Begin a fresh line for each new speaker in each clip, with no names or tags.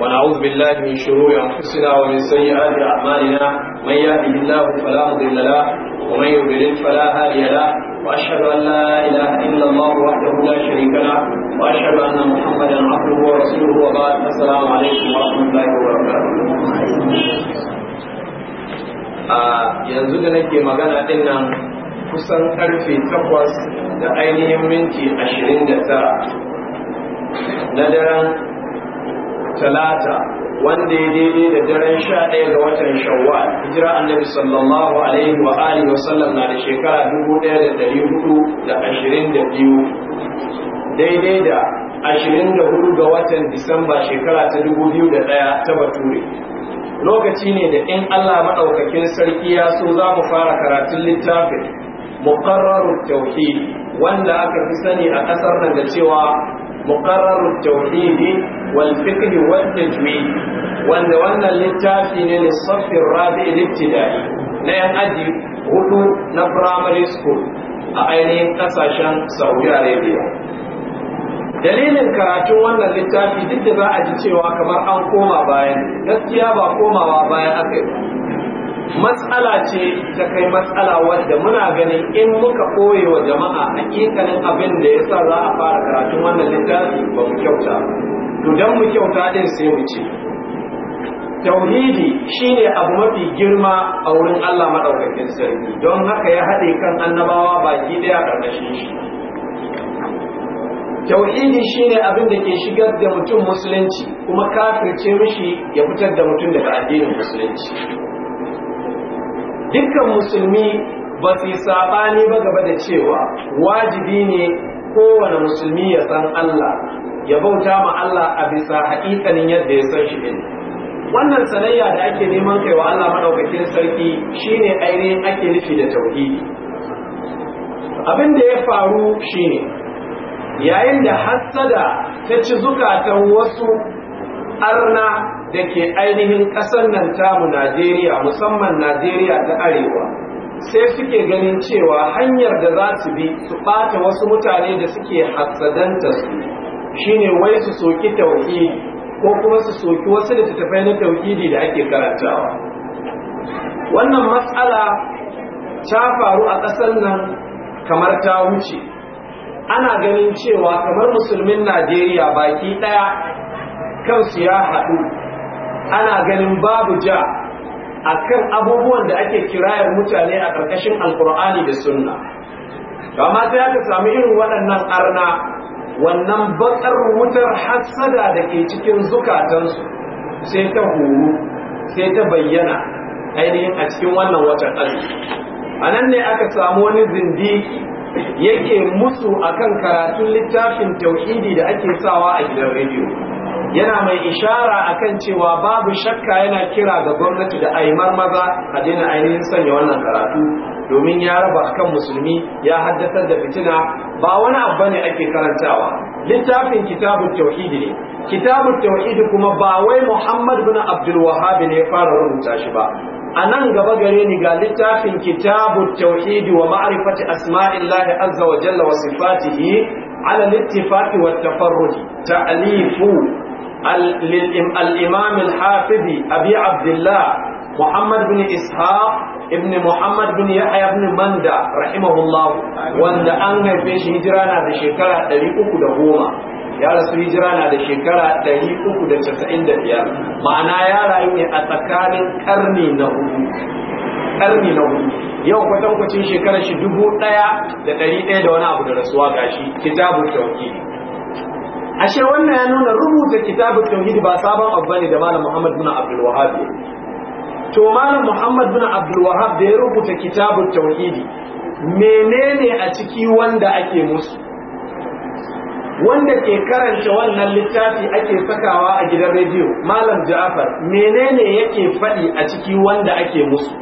ونعوذ بالله من شرور أنفسنا ومن سيئات أعمالنا من يهده الله فلا مضل له ومن يضلل فلا هادي له وأشهد أن لا إله إلا الله وحده لا شريك له وأشهد أن محمدا عبده ورسوله وبعد السلام عليكم ورحمة الله وبركاته yanzu da nake magana din nan kusan karfe takwas da ainihin minti ashirin da tara na daren talata wanda ya daidai da daren sha ɗaya ga watan shawwal hijira annabi sallallahu alaihi wa alihi wa sallam na da shekara dubu ɗaya da ɗari hudu da ashirin da biyu daidai da ashirin da hudu ga watan disamba shekara ta dubu biyu da ɗaya ta bature lokaci ne da in allah maɗaukakin sarki ya so za mu fara karatun littafin muqarrarut tauhid wanda aka fi sani a ƙasar nan da cewa مقرر التوحيد والفقه والتجويد wanda wannan littafi ne ne safi rabi na yan aji hudu na firamare school a ainihin ƙasashen saudi arabia dalilin karatun wannan littafi duk da za a ji cewa kamar an koma bayan gaskiya ba komawa bayan aka yi matsala ce ta kai matsala wadda muna ganin in muka koye wa jama'a hakikanin abin da ya sa za a fara karatun wannan littafi ba mu kyauta to don mu kyauta ɗin sai mu ce tauhidi shine abu mafi girma a wurin Allah maɗaukakin sarki don haka ya haɗe kan annabawa baki ɗaya ƙarƙashin shi tauhidi shine abin da ke shigar da mutum musulunci kuma kafirce mishi ya fitar da mutum daga addinin musulunci dukkan musulmi ba su yi saɓani ba gaba da cewa wajibi ne kowane musulmi ya san Allah ya bauta ma Allah a bisa haƙiƙanin yadda ya san shi ne wannan sanayya da ake neman kai wa Allah maɗaukakin sarki shine ainihin ake nufi da tauhidi abin da ya faru shine yayin da hassada ta ci zukatan wasu arna da ke ainihin ƙasar nan tamu Najeriya musamman Najeriya ta Arewa sai suke ganin cewa hanyar da za su bi su ɓata wasu mutane da suke hatsadanta su shine wai su soki tauki ko kuma su soki wasu littattafai na tauhidi da ake karantawa wannan matsala ta faru a ƙasar nan kamar ta wuce ana ganin cewa kamar musulmin Najeriya baki ɗaya kansu ya haɗu ana ganin babu ja a kan abubuwan da ake kirayar mutane a ƙarƙashin alkur'ani da sunna amma sai aka samu irin waɗannan arna wannan baƙar wutar hassada da ke cikin zukatansu sai ta horo sai ta bayyana ainihin a cikin wannan watan ƙarfi a nan ne aka samu wani zindiki yake musu akan karatun littafin tauhidi da ake sawa a gidan rediyo yana mai ishara a kan cewa babu shakka yana kira ga gwamnati da aimar maza a daina ainihin sanya wannan karatu domin ya raba kan musulmi ya haddasar da fitina ba wani abu ne ake karantawa littafin kitabun tauhidi ne kitabun tauhidi kuma ba wai muhammad bin abdul ne ya fara rubuta shi ba a nan gaba gare ni ga littafin kitabun tauhidi wa ma'rifati asma'illahi azza wa jalla wa sifatihi ala littifaqi wa ta'lifu الإمام الحافظ أبي عبد الله محمد بن إسحاق ibn Muhammad bin يحيى bin Manda rahimahullah wanda an haife shi hijira na da shekara 310 ya rasu hijira na da shekara 395 ma'ana ya rayu ne a tsakanin karni na hudu karni na yau kwatankwacin shekarar shi dubu ɗaya da ɗari ɗaya da wani abu da rasuwa gashi kitabu tauhidi ashe wannan ya nuna rubuta kitabun tauhid ba sabon abu bane da malam Muhammad bin Abdul Wahhab to malam Muhammad bin Abdul Wahhab da ya rubuta kitabun tauhid menene a ciki wanda ake musu wanda ke karanta wannan littafi ake sakawa a gidan rediyo malam Ja'far menene yake faɗi a ciki wanda ake musu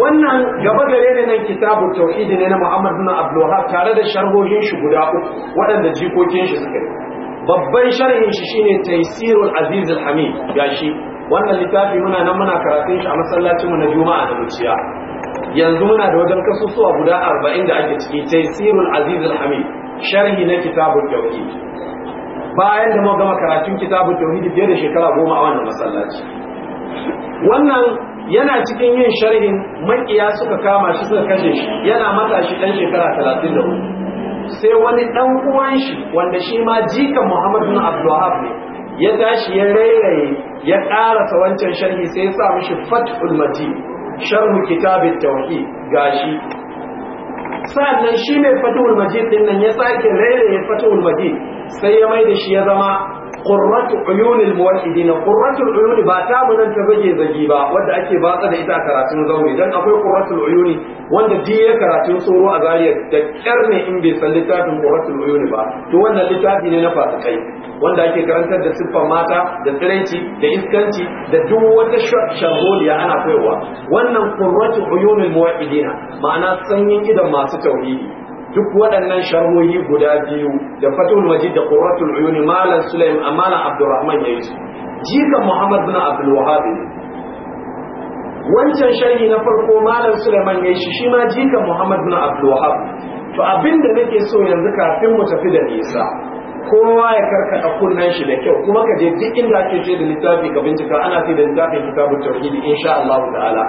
wannan gaba gare ne nan kitabu tauhidi ne na Muhammad bin Abdul tare da sharhohin shi guda uku waɗanda jikokin shi suka yi babban sharhin shi shine Taysirul Aziz al gashi wannan littafi muna nan muna karatun shi a masallacin mu na Juma'a da Muciya yanzu muna da wajen kasusuwa guda 40 da ake ciki Taysirul Aziz al sharhi na kitabun tauhidi bayan da mun gama karatun kitabun tauhidi fiye da shekara goma a wannan masallaci wannan yana cikin yin sharhin makiya suka kama shi suka kashe shi yana matashi dan shekara 34 sai wani dan uwan shi wanda shi ma jikan Muhammad bin Abdulwahab ne ya tashi ya rairaye ya karasa wancan sharhi sai ya sa mishi Fathul Mati sharhu kitabit tauhid gashi sannan shi mai Fathul Mati din ya sake rairaye Fathul Mati sai ya mai da shi ya zama qurratu uyunil muwahhidin qurratu uyun ba ta mu ta zage zagi ba wanda ake batsa da ita a karatun zaure dan akwai qurratul uyuni wanda ji ya karatun tsoro a zariya da kyar ne in bai san littafin qurratul uyuni ba to wannan littafi ne na fasikai wanda ake karantar da siffar mata da tsiranci da iskanci da duk wata shagoliya ana kaiwa wannan qurratu uyunil muwahhidin ma'ana sanyin idan masu tauhidi duk waɗannan sharhohi guda biyu da fatul majid da qurratul uyun malam sulaim amana abdurrahman yayi su jika muhammad bin abdul wahhab wancan sharhi na farko malam sulaiman yayi shi shi ma jika muhammad bin abdul wahhab to abinda nake so yanzu kafin mu tafi da nisa kowa ya karkata kunnan shi da kyau kuma ka je duk inda ake ce da littafi ka bincika ana ce da littafin kitabut tauhid insha Allah ta'ala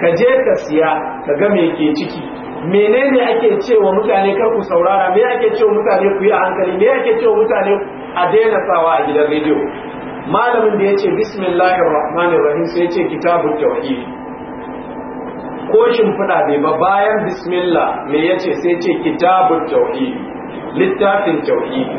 ka je ka siya ka ga me ke ciki menene ake cewa mutane kar ku saurara me ake cewa mutane ku yi hankali me ake cewa mutane a daina sawa a gidan rediyo malamin da yace ce bismillahir rahmanir rahim sai yace kitabut tauhid ko shimfiɗa bai ba bayan bismillah me yace sai ce kitabut tauhid littafin tauhid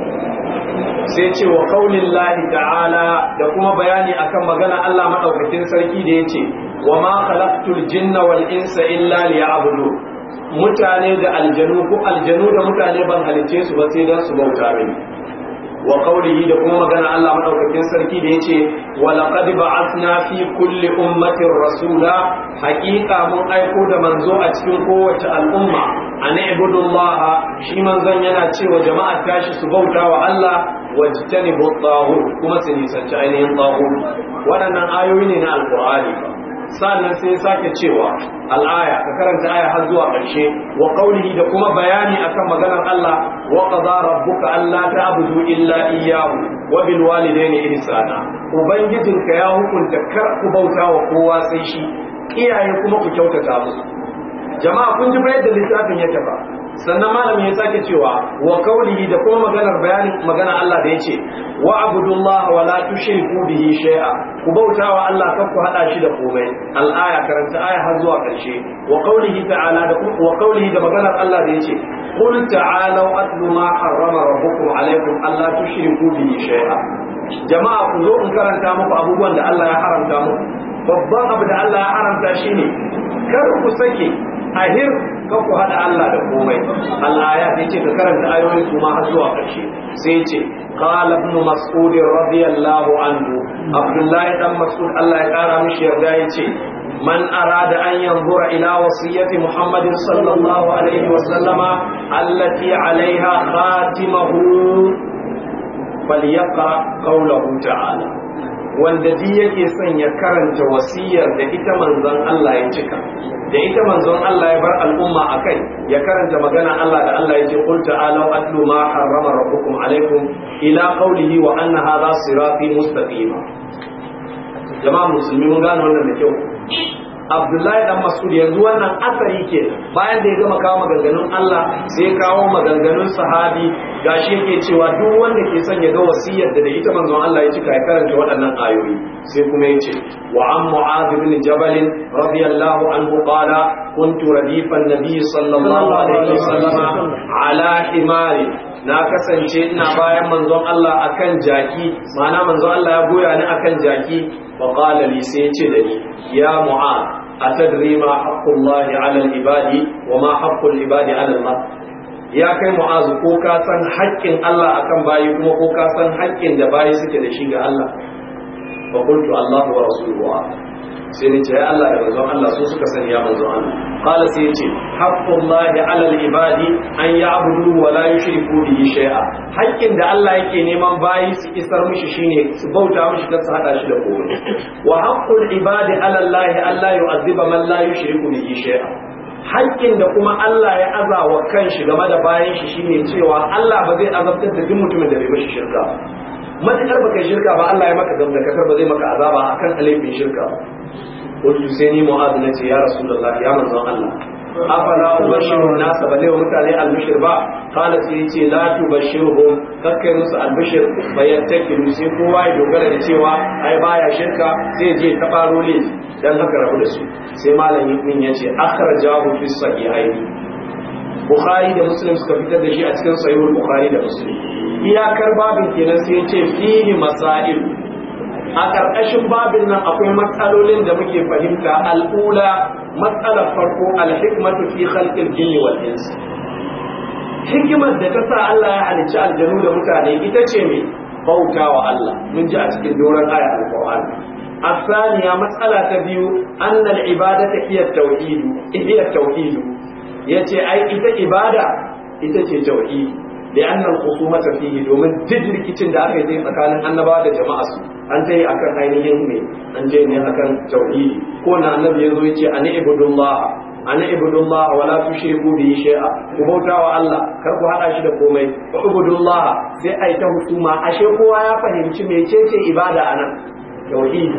sai ce wa kaunin ta'ala da kuma bayani akan magana Allah maɗaukakin sarki da ya ce wa ma khalaqtul jinna wal insa illa liya'budun mutane da aljanu ko aljanu da mutane ban halicce su ba sai dan su bauta mini wa da kuma magana Allah madaukakin sarki da yace wa laqad ba'athna fi kulli ummatin rasula haqiqa mun aiko da manzo a cikin kowace al'umma an ibudu Allah shi manzon yana cewa jama'a tashi su bauta wa Allah wa at-taghut kuma su nisanci ainihin taghut waɗannan ayoyi ne na alqur'ani sannan sai ya sake cewa al'aya ka karanta aya har zuwa ƙarshe wa qaulihi da kuma bayani akan maganar Allah wa qadara rabbuka alla ta'budu illa iyyahu wa bil walidayni ihsana ubangijinka ya hukunta kar ku bauta wa kowa sai shi iyaye kuma ku kyautata musu jama'a kun ji yadda littafin ya tafa sannan malam ya sake cewa wa kaulihi da kuma maganar bayani magana Allah da yace wa abudullaha wa la tushriku bihi shay'a ku bautawa Allah kan ku hada shi da komai al-aya karanta aya har zuwa karshe wa kaulihi ta'ala da wa kaulihi da maganar Allah da yace qul ta'alu atlu ma harrama rabbukum alaykum alla tushriku bihi shay'a jama'a ku zo in karanta muku abubuwan da Allah ya haramta muku babban abu da Allah ya haramta ne, kar ku sake ahir kan ku hada Allah da komai Allah ya ce ka karanta ayoyi kuma har zuwa ƙarshe sai ce qala ibn mas'ud radiyallahu anhu abdullahi dan mas'ud Allah ya kara mishi yarda yace man arada an yanzura ila wasiyyati muhammad sallallahu alaihi wa sallama allati alaiha khatimahu falyaqra qawluhu ta'ala wanda ji yake son ya karanta wasiyar da ita manzon Allah ya cika da ita manzon Allah ya bar al'umma a kai ya karanta magana Allah da Allah ya ce qul ta'alu atlu ma harrama rabbukum alaikum ila qawlihi wa anna hadha sirati mustaqima jama'a musulmi mun gane wannan da kyau abdullahi dan masud yanzu wannan asari ke bayan da ya gama kawo maganganun Allah sai ya kawo maganganun sahabi gashi yake cewa duk wanda ke son ya ga wasiyar da ita manzon Allah ya cika ya karanta waɗannan ayoyi sai kuma ya ce wa an mu'adh ibn jabal radiyallahu anhu qala kuntu radifan nabiy sallallahu alaihi wasallam ala himari na kasance ina bayan manzon Allah akan jaki ma'ana manzon Allah ya goya ni akan jaki فقال لي سيتدني يا معاذ أتدري ما حق الله على العباد وما حق العباد على الله ya kai mu'azu ko ka san haƙƙin Allah akan bayi kuma ko ka san haƙƙin da bayi suke da shi ga Allah Allahu wa rasuluhu sai ni ce ya Allah da manzon Allah so suka sani ya manzon Allah qala sai yace haqqullahi ala al-ibadi an ya'budu wa la yushriku bihi shay'a haƙƙin da Allah yake neman bayi su isar mishi shine su bauta mishi kar su hada shi da kowa wa haqqul ibadi ala Allah alla yu'azziba man la yushriku bihi shay'a haƙƙin da kuma Allah ya aza wa kanshi game da bayan shi shine cewa Allah ba zai azabtar da duk mutumin da bai mishi shirka matuƙar baka shirka ba Allah ya maka gamda kasar ba zai maka azaba akan alifin shirka ba wato sai ni mu'azu na ce ya rasulullah ya manzon Allah afala ubashiru nasa bale wa mutane albishir ba kala sai yace la tubashirhum kakkai musu albishir bayan sai kowa ya dogara da cewa ai baya shirka sai je ta faro ne dan haka rabu da su sai malamin ya ce akhrajahu fi sahihaini bukhari da muslim suka fitar da shi a cikin sayuwar bukhari da muslim iyakar babin kenan sai ce fihi masail a ƙarƙashin babin nan akwai matsalolin da muke fahimta al'ula matsalar farko alhikmatu fi khalqil jinni wal ins hikimar da ta sa Allah ya halicci aljanu da mutane ita ce me bautawa Allah mun ji a cikin doron aya alqur'ani الثانية مسألة بيو أن العبادة هي التوحيد هي التوحيد ya ce ai ita ibada ita ce da annan al-khusumata fiye domin duk rikicin da aka yi tsakanin annabawa da jama'a su an ta yi akan ainihin ne an je ne akan tauhidi ko na annabi ya zo ya ce ani ibudullah ani ibudullah wa la shay'a ku bauta wa Allah kar ku hada shi da komai ku ibudullah sai ai ta husuma ashe kowa ya fahimci mecece ibada anan tauhidi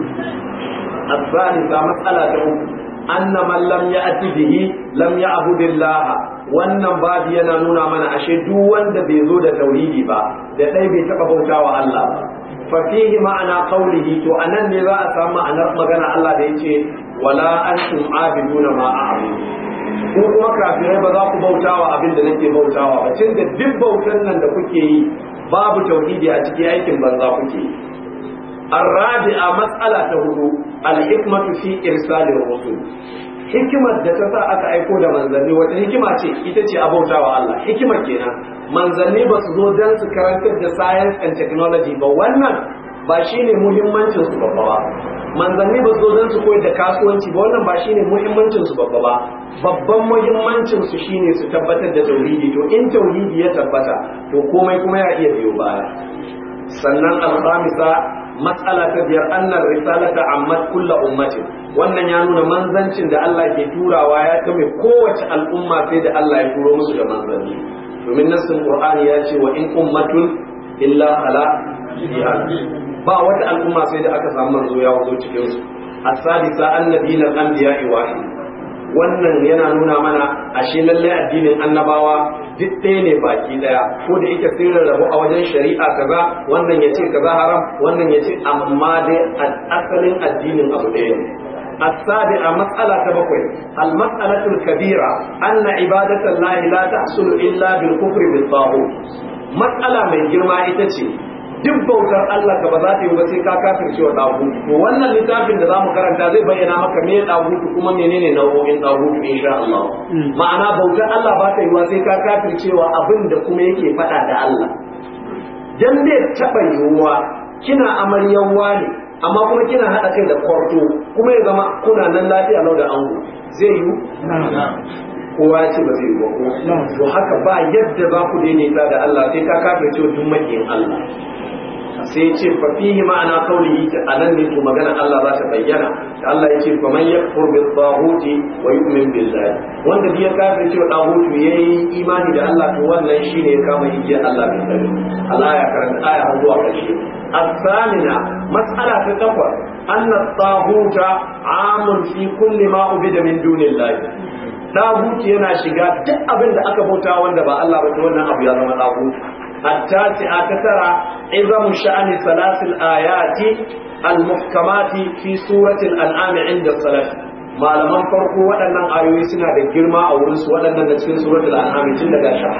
الثالثة ta أخرى anna man lam ya'ti bihi lam ya'budillah wannan babu yana nuna mana ashe duk wanda bai zo da tauhidi ba da dai bai taba bautawa Allah ba fa fihi ma'ana qawlihi to anan ne za a samu ma'anar magana Allah da yace wala antum abiduna ma a'budu ko kuma kafirai ba za ku bautawa abin da nake bautawa ba tunda duk bautan nan da kuke yi babu tauhidi a cikin aikin banza kuke yi الرابعة مسألة هدو الحكمة في إرسال الرسول hikimar da ta sa aka aiko da manzanni wata hikima ce ita ce حكمة Allah hikimar kenan manzanni ba su zo don su karantar da and technology ba wannan ba shine muhimmancin babba ba manzanni ba zo don su koyar da kasuwanci ba wannan ba shi ne muhimmancinsu babba ba babban muhimmancinsu shi ne su tabbatar da tauhidi to in tauhidi ya tabbata to komai kuma ya iya biyo baya sannan alhamisa matsala ta biyar annar risalata amma kulla ummati wannan ya nuna manzancin da Allah ke turawa ya kame kowace al'umma sai da Allah ya turo musu da manzanni domin nassin qur'ani ya ce wa in ummatun illa ala ba wata al'umma sai da aka samu manzo ya cikinsu. cikin su as-sadisa annabiyyul anbiya'i wahid wannan yana nuna mana ashe lalle addinin annabawa duk ɗaya ne baki ɗaya ko da ita sun rabu a wajen shari'a kaza wannan ya ce kaza haram wannan ya ce amma dai asalin addinin abu ɗaya ne السابعة مسألة بقي المسألة الكبيرة أن عبادة الله لا تحصل إلا بالكفر بالطاغوت مسألة من جرما إتتي duk bautar Allah ka ba za ta yi ba sai ka kafirce wa dagutu to wannan littafin da zamu karanta zai bayyana maka me dagutu kuma menene nau'o'in dagutu insha Allah hmm. ma'ana bautar Allah ba ta yi sai ka kafin cewa abin da kuma yake faɗa da Allah dan bai taba yiwuwa kina amaryan ne amma kuma kina haɗa kai da kwarto kuma ya zama kuna nan lafiya lau da ango zai yi kowa ya ce ba zai ba ko to haka ba yadda ba ku daidaita da Allah sai ka kafa cewa duk makiyin Allah sai ce fa fihi ma'ana qawlihi ta anan ne to magana Allah za ta bayyana da Allah yace fa man yakfur bil tahuti wa yu'min billahi wanda biya kafir cewa tahutu yayi imani da Allah to wannan shine ya kama hijiyar Allah bin dare Allah ya karanta aya har zuwa ƙarshe الثامنة مسألة تتفر أن الطاغوت عام في كل ما عبد من دون الله طاغوت ينا shiga duk abinda aka bauta wanda ba Allah ba to wannan abu ya zama طاغوت التاسعة تترى عظم شأن ثلاث الآيات المحكمات في سورة الأنعام عند الصلاة malaman farko waɗannan ayoyi suna da girma a wurinsu waɗannan da cikin suratul an'am tun daga shi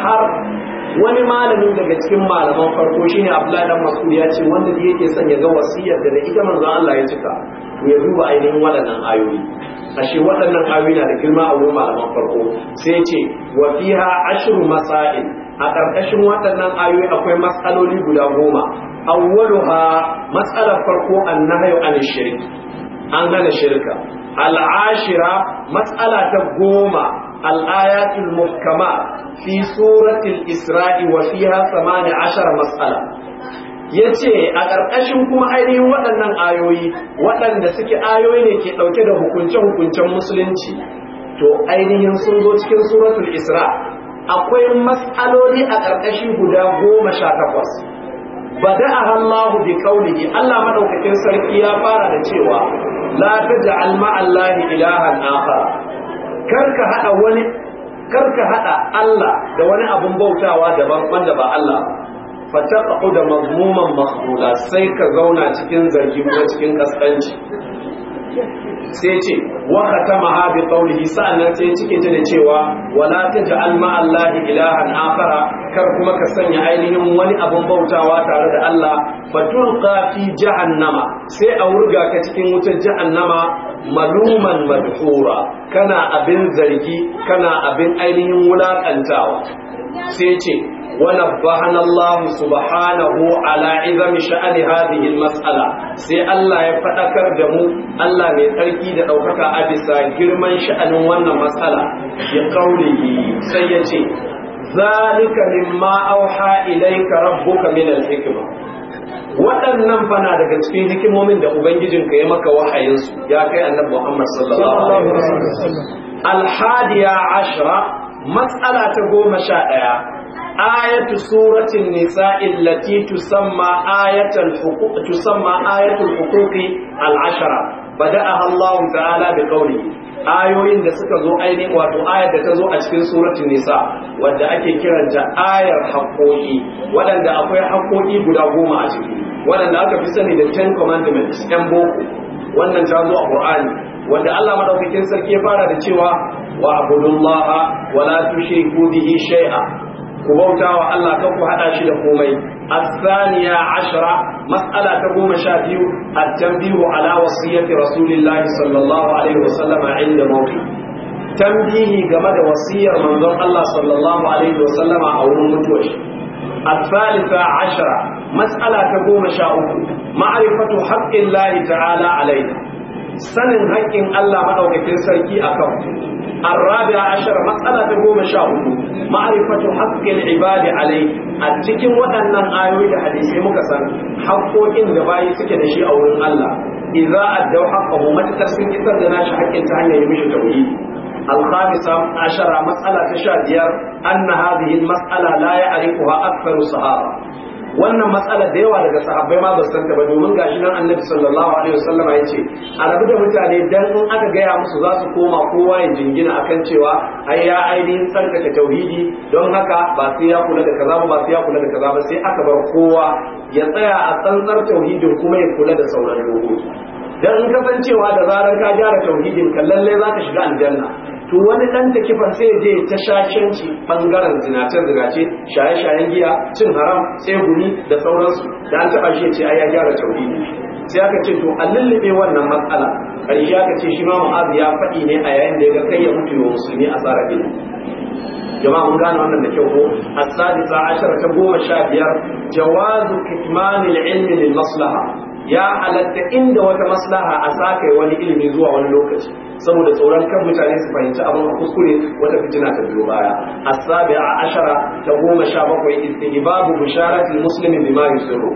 wani malamin daga cikin malaman farko shine Abdullahi dan Mas'ud ya ce wanda da yake son ya ga wasiyar da ita manzon Allah ya cika to ya duba ainihin waɗannan ayoyi ashe waɗannan ayoyi na da girma a wurin malaman farko sai ya ce wa fiha ashru masail a ƙarƙashin waɗannan ayoyi akwai matsaloli guda goma awwalu ha matsalar farko nahayu an shirki an gane shirka al'ashira matsala ta goma al'ayatul muhkama fi suratul isra'i wa fiha 18 matsala yace a ƙarƙashin kuma ainihin waɗannan ayoyi waɗanda suke ayoyi ne ke ɗauke da hukunce-hukuncen musulunci to ainihin sun zo cikin suratul isra akwai matsaloli a ƙarƙashi guda goma sha takwas bada a hallahu bi kaunihi Allah madaukakin sarki ya fara da cewa la taj'al ma'allahi ilahan akhar karka hada wani kar hada Allah da wani abun bautawa daban wanda ba Allah fataqu da mazmuman mahmula sai ka zauna cikin zargin ko cikin kaskanci sai ce wa khatama bi qawlihi sa'annan sai cike ta da cewa wala ta ma allahi ilahan akhara kar kuma ka sanya ainihin wani abun bautawa tare da Allah fatulqa fi jahannama sai a wurga ka cikin wutar jahannama maluman madhura kana abin zargi kana abin ainihin wulakantawa sai ce ونبهنا الله سبحانه على عظم شأن هذه المسألة سي الله يفتكر دمو الله يتركي دوكك أبسا جرما شأن وانا مسألة بقوله سيتي ذلك مما أوحى إليك ربك من الحكمة waɗannan fana daga cikin hikimomin da ubangijinka ya maka wahayinsu ya kai annabi Muhammad sallallahu alaihi wasallam hadiya ashra matsala ta goma sha ɗaya ayatu suratin nisa lati tusamma ayatul huquq al'ashara. ayatul a al-ashara bada'aha Allah ta'ala ayoyin da suka zo ainihin wato ayar da ta zo a cikin suratul nisa wanda ake kiranta ayar haƙoƙi waɗanda akwai haƙoƙi guda goma a ciki waɗanda aka fi sani da ten commandments ɗan boko wannan ta zo a Qur'ani wanda Allah madaukakin sarki ya fara da cewa wa abudullaha wa la tushriku bihi shay'a ku bauta wa Allah kan ku hada shi da komai الثانية عشرة مسألة تقوم شافيو التنبيه على وصية رسول الله صلى الله عليه وسلم عند موته تنبيه كما وصية من الله صلى الله عليه وسلم أو متوش الثالثة عشرة مسألة تقوم شاؤه معرفة حق الله تعالى علينا sanin haƙƙin Allah maɗaukakin sarki a kan arrabi ashirar matsala ta goma sha hudu ma'arifatu haƙƙin ibadi alai a cikin waɗannan ayoyi da hadisai muka san haƙƙoƙin da bayi suke da shi a wurin Allah idza addau haqqahu matakar sun isar da nashi haƙƙin ta hanyar yi mishi tauhidi الخامسة عشرة مسألة matsala laya هذه المسألة لا يعرفها أكثر الصحابة wannan matsala da yawa daga sahabbai ma ba ta ba domin gashi nan annabi sallallahu alaihi wasallam ya ce a rabu da mutane dan in aka gaya musu za su koma kowa ya jingina akan cewa ai ya ainihin tsarkake tauhidi don haka ba sai ya kula da kaza ba sai ya kula da kaza ba sai aka bar kowa ya tsaya a tsantsar tauhidin kuma ya kula da sauran dokoki dan in kasancewa da zarar ka gyara tauhidin ka lalle za ka shiga aljanna to wani dan da kifar sai je ta shakenci bangaren zinace zinace shaye shayen giya cin haram sai guni da sauransu da an taba shi ce ai ya gyara tauhidi sai aka ce to a lullube wannan matsala karshe aka ce shi ma mu'az ya faɗi ne a yayin da ya ga kai ya mutu wa musulmi a tsara gini jama'a mun gane wannan da kyau ko as-sadisa ashara ta goma sha biyar jawazu kitmanil ilmi lil maslaha ya halatta inda wata maslaha a sakai wani ilimi zuwa wani lokaci saboda tsoron kan mutane su fahimci abin a kuskure wata fitina ta biyo baya asabi a ashara ta goma sha bakwai istihbabu bisharatil muslimi bima yusirru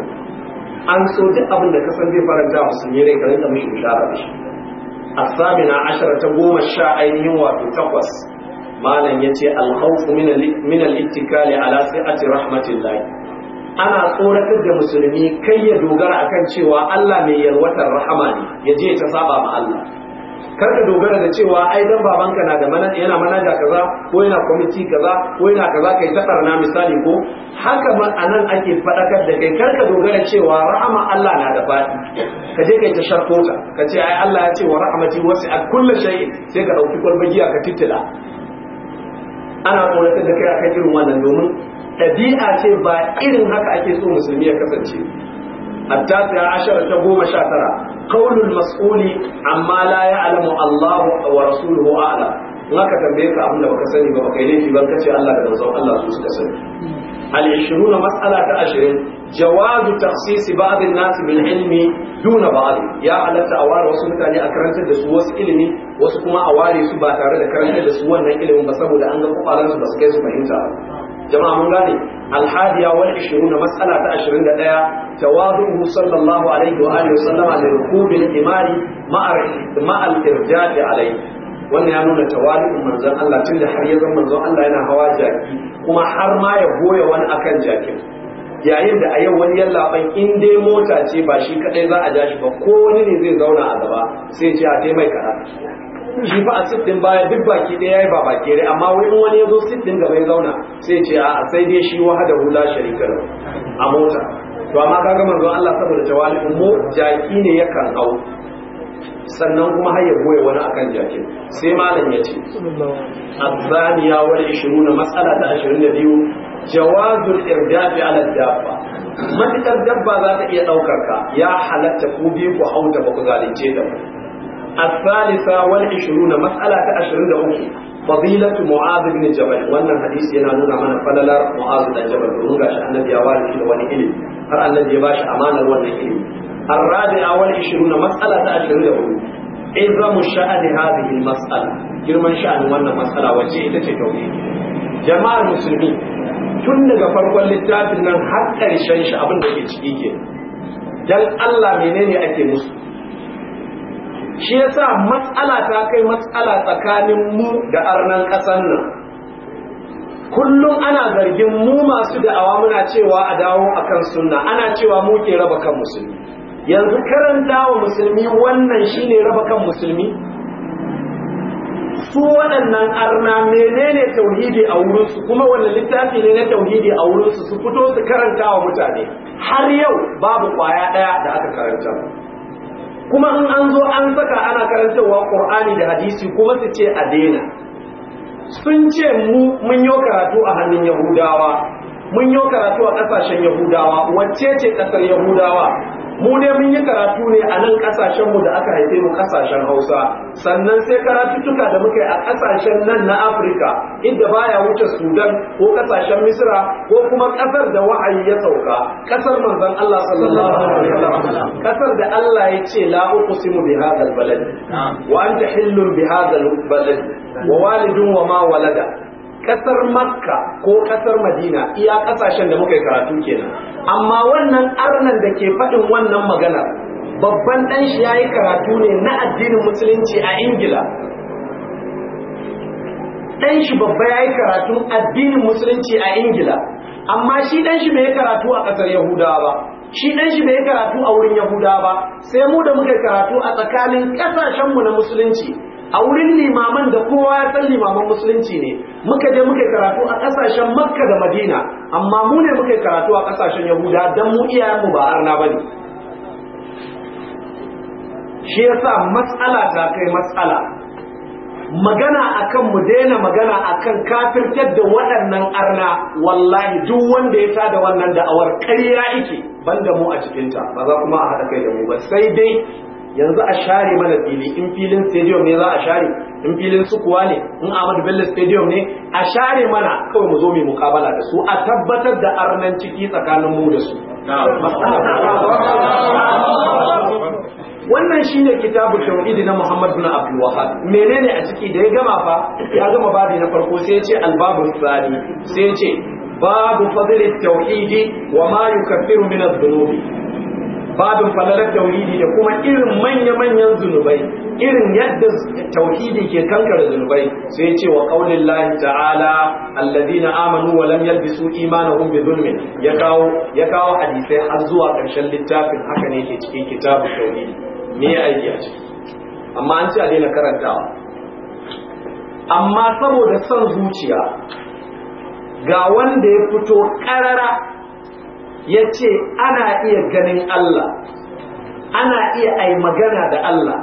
an so duk abin da kasan zai faranta musulmi rai ka rinka mishi bishara da shi asabi na ashara ta goma sha ainihin wato takwas malam ya ce alhaufu min al-ittikali ala si'ati rahmatillahi ana tsoratar da musulmi kai ya dogara akan cewa Allah mai yalwatar rahama ne ya je ta saba ma Allah kar ka dogara da cewa ai dan babanka na da mana yana manaja kaza ko yana kwamiti kaza ko yana kaza kai ta barna misali ko haka ma anan ake fadakar da kai kar ka dogara cewa rahama Allah na da fadi ka je kai ta sharko ka ka ce ai Allah ya ce wa rahmati a kullu shay'in sai ka dauki kwalbagiya ka tittila ana tsoratar da kai akan irin wannan domin ɗabi'a ce ba irin haka ake so musulmi ya kasance التاسعة عشر تقوم شاترة قول المسؤول عما لا يعلم الله ورسوله أعلم هناك تنبيك أبن لو كسني وكيليك بل كتي الله كتنزو الله سوس كسني العشرون مسألة عشرين جواز تخصيص بعض الناس بالعلم دون بعض يا على التأوار وسنة لأكرنت دسوس إلمي وسكما أواري سبا تارد أكرنت دسوان إلمي بسبب لأنه قال بس كيسو فهمتها jama'a mun gane alhadiya wal 20 mas'ala ta 21 tawadu sallallahu alaihi wa alihi sallama li rukubil imari ma'a al-irja'i alaihi wannan ya nuna tawadu manzon Allah tunda har ya zama manzon Allah yana hawa jaki kuma har ma ya goya wani akan jakin yayin da a yau wani yallaɓan in dai mota ce ba shi kadai za a ja shi ba ko wani ne zai zauna a gaba sai ce a taimaka shi fa a sittin baya duk baki ɗaya yi ba baki dai amma wai wani ya zo sittin gaba ya zauna sai ce a sai dai shi wahada hula sharika a mota to amma kaga manzon Allah saboda jawalin mu jaki ne yakan hau sannan kuma har ya wani akan jakin sai malam ya ce wani wal na matsala ta 22 jawazul irdafi ala dabba matakar dabba za ta iya daukar ka ya halatta ku biyu ku hauta ba ku zalunce da الثالثة والعشرون مسألة عشرين دقيقة فضيلة معاذ بن جبل وأن الحديث ينالون من فلل معاذ بن جبل ونقاش النبي أوالي في الوان إلي هر النبي باش أمان الوان إلي الرابعة والعشرون مسألة عشرين دقيقة عظم شأن هذه المسألة girman sha'anin wannan matsala wacce ita ce tauhidi jama'ar musulmi tun daga farkon littafin nan har ƙarshen shi abin da ke ciki ke dan Allah menene ake musu shi yasa matsala ta kai matsala tsakanin mu da arnan ƙasar nan kullum ana zargin mu masu da'awa muna cewa a dawo akan sunna ana cewa mu ke raba kan musulmi yanzu karanta wa musulmi wannan shine raba kan musulmi su waɗannan arna menene tauhidi a wurinsu kuma wani littafi ne na tauhidi a wurinsu su fito su karanta wa mutane har yau babu kwaya ɗaya da aka karanta kuma in an zo an saka ana karantarwa ƙur'ani da hadisi kuma su ce a daina sun ce mu mun yi karatu a hannun yahudawa mun yi karatu a ƙasashen yahudawa wacce ce kasar yahudawa mu ne mun yi karatu ne a nan kasashen mu da aka haife mu kasashen Hausa sannan sai karatutuka da muka yi a kasashen nan na Afirka inda baya wuce Sudan ko kasashen Misra ko kuma kasar da wahayi ya sauka kasar manzon Allah sallallahu alaihi wasallam kasar da Allah ya ce la uqsimu bi hadal balad wa anta hillun bi hadal balad wa walidun wa ma walada kasar makka ko kasar madina iya kasashen da muka yi karatu kenan amma wannan arnan da ke faɗin wannan magana babban ɗan shi ya yi karatu ne na addinin musulunci a ingila ɗan shi babba ya karatu addinin musulunci a ingila amma shi ɗan shi bai karatu a ƙasar yahudawa ba shi ɗan shi bai karatu a wurin yahudawa ba sai mu da muka karatu a tsakanin ƙasashenmu na musulunci a wurin limaman da kowa ya san limaman musulunci ne muka je muka karatu a kasashen makka da madina amma mu ne muka karatu a kasashen yahuda don mu iyayenmu ba arna ba ne shi ya sa matsala ta kai matsala magana akan mu daina magana akan kafirtar da waɗannan arna wallahi duk wanda ya tada wannan da'awar ƙarya ban da mu a cikinta ba za kuma a haɗa kai da mu ba sai dai yanzu a share mana fili in filin stadium ne za a share in filin sukuwa ne in Ahmadu Bello stadium ne a share mana kawai mu zo mu mukabala da su a tabbatar da arnan ciki tsakanin mu da su wannan shine kitabu tauhidi na Muhammad bin Abdul menene a ciki da ya gama fa ya gama babu na farko sai ya ce albabu Sadi sai ya ce babu fadlit tauhidi wa ma yukaffiru min adh-dhunubi babin falalar tauhidi da kuma irin manya-manyan zunubai irin yadda tauhidi ke kankare zunubai sai ya ce wa qaulin lahi ta'ala alladhina amanu wa lam yalbisu imanahum bi zulmin ya kawo ya kawo hadisai har zuwa ƙarshen littafin haka ne ke cikin kitabun tauhidi me ya aiki a ciki amma an ce a daina karantawa amma saboda son zuciya ga wanda ya fito karara ya ce ana iya ganin Allah ana iya ai magana da Allah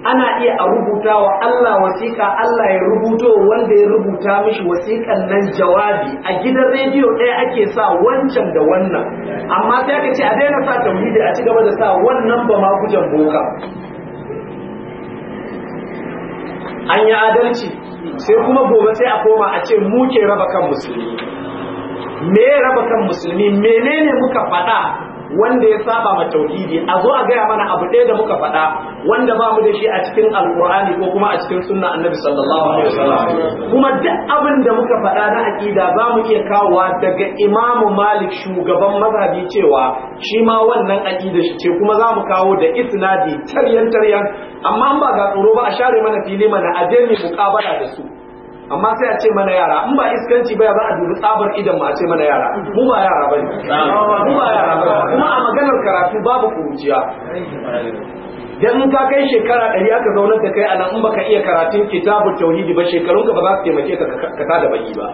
ana iya a rubuta wa Allah wasiƙa Allah ya rubuto wanda ya rubuta mishi wasiƙan nan jawabi a gidan rediyo ɗaya ake sa wancan da wannan amma sai aka ce a daina sa tauhidi a ci gaba da sa wannan ba ma gujen boka an yi adalci sai kuma gobe sai a koma a ce mu ke raba kan musulmi me raba kan musulmi menene muka faɗa wanda ya saba ma tauhidi a zo a gaya mana abu ɗaya da muka faɗa wanda ba mu da shi a cikin alkur'ani ko kuma a cikin sunna annabi sallallahu alaihi wasallam kuma duk abin da muka faɗa na aqida za mu iya kawowa daga imamu malik shugaban mazhabi cewa shi ma wannan aqida shi ce kuma za mu kawo da isnadi taryan taryan amma ba ga tsoro ba a share mana fili mana a je mu da su amma sai a ce mana yara in ba iskanci ba za a dubi tsabar idan mu a ce mana yara mu ba yara bane mu ba yara bane kuma a maganar karatu babu kuruciya dan in ka kai shekara ɗari aka zauna ka kai a nan in baka iya karatun kitabun tauhidi ba shekarun ka ba za su taimake ka ka tada baki ba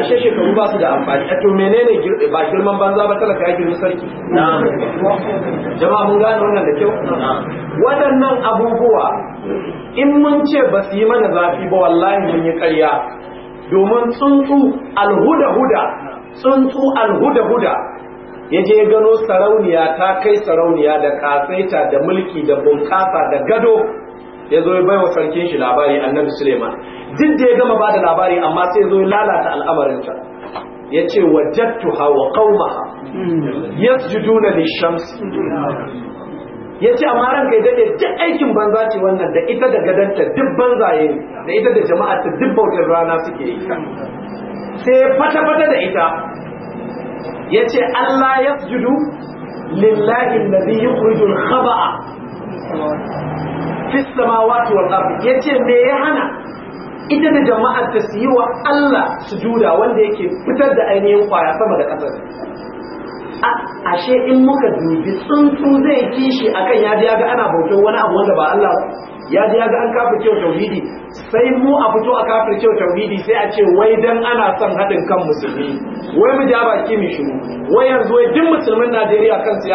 ashe shekaru ba su da amfani a to menene ba girman banza ba talaka ya girma sarki jama'a mun gane wannan da kyau waɗannan abubuwa in mun ce ba su yi mana zafi ba wallahi mun yi ƙarya domin tsuntsu alhuda-huda tsuntsu alhuda-huda ya je gano sarauniya ta kai sarauniya da kasaita da mulki da bunƙasa da gado ya zo ya bai wa sarkin shi labari annabi suleiman duk da ya gama ba da labari amma sai zo ya lalata al'amarinta ya ce wajattuha wa qaumaha yasjuduna lishamsi ya ce amma ranka ya daɗe duk aikin banza ce wannan da ita da gadanta duk banzaye da ita da ta duk bautar rana suke yi sai fata-fata da ita yace Allah yasjudu lillahi alladhi yukhrijul haba'a, fi samawati wal ardi yace me ya hana ita da jama'ar ta su yi wa Allah sujuda wanda yake fitar da ainihin ƙwaya sama da ƙasar ashe in muka dubi tsuntsu zai kishi akan ya ga ana bautar wani abu wanda ba Allah ya ya ga an kafa kyau tauhidi sai mu a fito a kafa kyau tauhidi sai a ce wai dan ana son haɗin kan musulmi wai mu ja baki mu shiru wai yanzu wai duk musulmin Najeriya kan su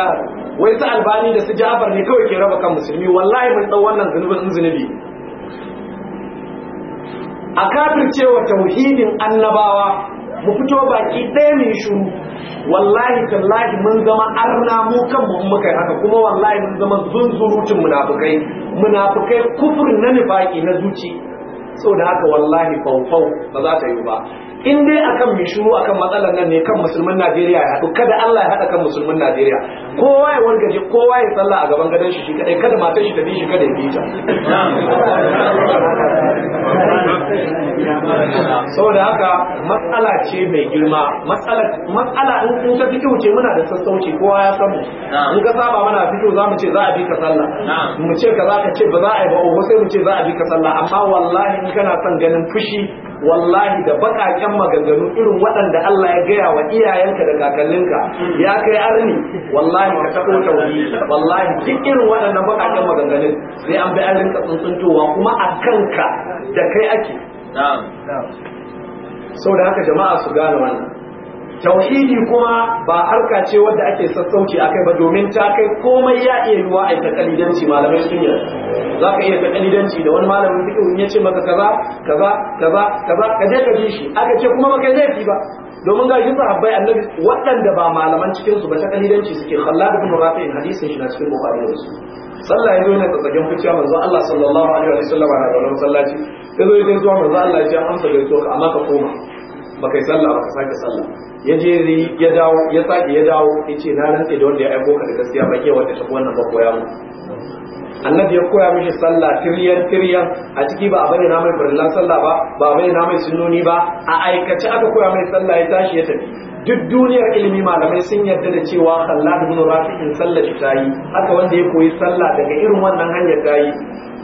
wai su albani da su Jafar ne kawai ke raba kan musulmi wallahi mun dau wannan zunubin zunubi a kafircewa tauhidin annabawa mu fito baki ɗaya mai shuru wallahi tallahi mun zama arna mu kan mu muka yi haka kuma wallahi mun zama zunzurutun munafukai munafukai kufur na nifaki na zuci sau da haka wallahi faufau ba za ta yi ba in dai akan mai shuru akan matsalar nan ne kan musulmin Najeriya ya haɗu kada Allah ya haɗa kan musulmin Najeriya kowa ya wargaje kowa ya sallah a gaban gadon shi shi kadai kada matar shi ta bi shi kada ya bi ta saboda haka matsala ce mai girma matsala matsala in kun ta fito ce muna da sassauci kowa ya san mu in ka saba mana fito za mu ce za a bi ka sallah mu ce ka za ka ce ba za a yi ba ko sai mu ce za a bi ka sallah amma wallahi in kana son ganin fushi wallahi da bakaken maganganu irin waɗanda Allah ya gaya wa iyayenka da kakanninka ya kai arni wallahi ka taɓo tauri wallahi duk irin waɗannan bakaken maganganu sai an bi an rinka tsuntsuntowa kuma a kanka da kai ake sau da haka jama'a su gane wannan tauhidi kuma ba harka ce wadda ake sassauci a kai ba domin ta kai komai ya iya yiwa a takalidanci malamai sun yi za ka iya takalidanci da wani malamin fiƙi ya ce maka kaza kaza kaza kaza ka je ka bi shi aka ce kuma baka laifi ba domin ga shi sahabbai annabi waɗanda ba malaman cikin su ba takalidanci suke khallad ibn rafi hadisin shi na cikin bukhari da su sallah yazo ne tsagen ficiya manzo Allah sallallahu alaihi wa sallam ana na gaban sallaci Sai yazo yake zuwa manzo Allah ya amsa gaito ka amma ka koma baka yi sallah baka sake sallah ya je ya dawo ya sake ya dawo ya ce na rantse da wanda ya aiko ka da gaskiya ba ke wanda ta wannan ba koya mu annabi ya koya mishi sallah tiriyar tiriyar a ciki ba a na mai farillan sallah ba ba a na mai sunnoni ba a aikace aka koya mai sallah ya tashi ya tafi duk duniyar ilimi malamai sun yarda da cewa Khallad ibn Rafi'in sallah shi tayi haka wanda ya koyi sallah daga irin wannan hanyar tayi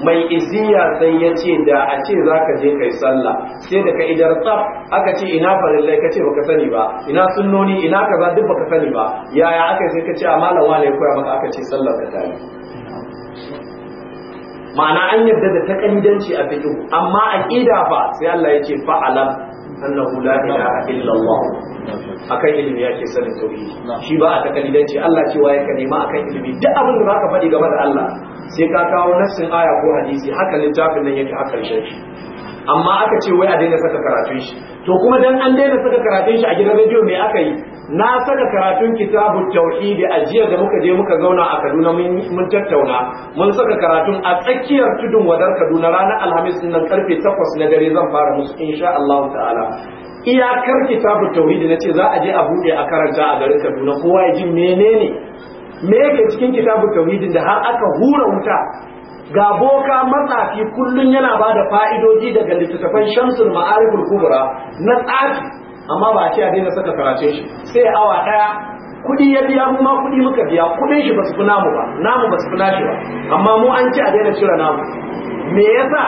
mai iziya sai ya ce da a ce za ka je kai sallah sai da ka idar tsaf aka ce ina farillai ka ce baka sani ba ina sunnoni ina kaza duk baka sani ba yaya aka sai ka ce a malawa ne koya maka aka ce sallar ka tayi ma'ana an yarda da takalidanci a fiqh amma aqida fa sai Allah ya ce fa'alam annahu la ilaha illallah akan ilimi yake sanin tauhidi shi ba a takalidanci Allah ce cewa ya nema akan ilimi duk abin da zaka faɗi game da Allah sai ka kawo nassin aya ko hadisi haka littafin nan yake a shi amma aka ce wai a daina saka karatun shi to kuma dan an daina saka karatun shi a gidan rediyo me aka yi na saka karatun kitabu tauhidi a jiya da muka je muka zauna a Kaduna mun tattauna mun saka karatun a tsakiyar tudun wadar Kaduna ranar Alhamis nan karfe 8 na dare zan fara musu insha Allah ta'ala iyakar kitabu tauhidi na ce za a je a bude a karanta a garin Kaduna kowa ya ji menene me yake cikin kitabu tauhidin da har aka hura wuta ga boka matsafi kullum yana ba da fa'idoji daga littattafan shamsun ma'arifin kubura na tsafi amma ba a ce a daina saka karatun shi sai awa ɗaya kuɗi ya biya mu ma kuɗi muka biya kuɗin shi ba su fi namu ba namu ba su fi nashi ba amma mu an ci a daina cire namu me yasa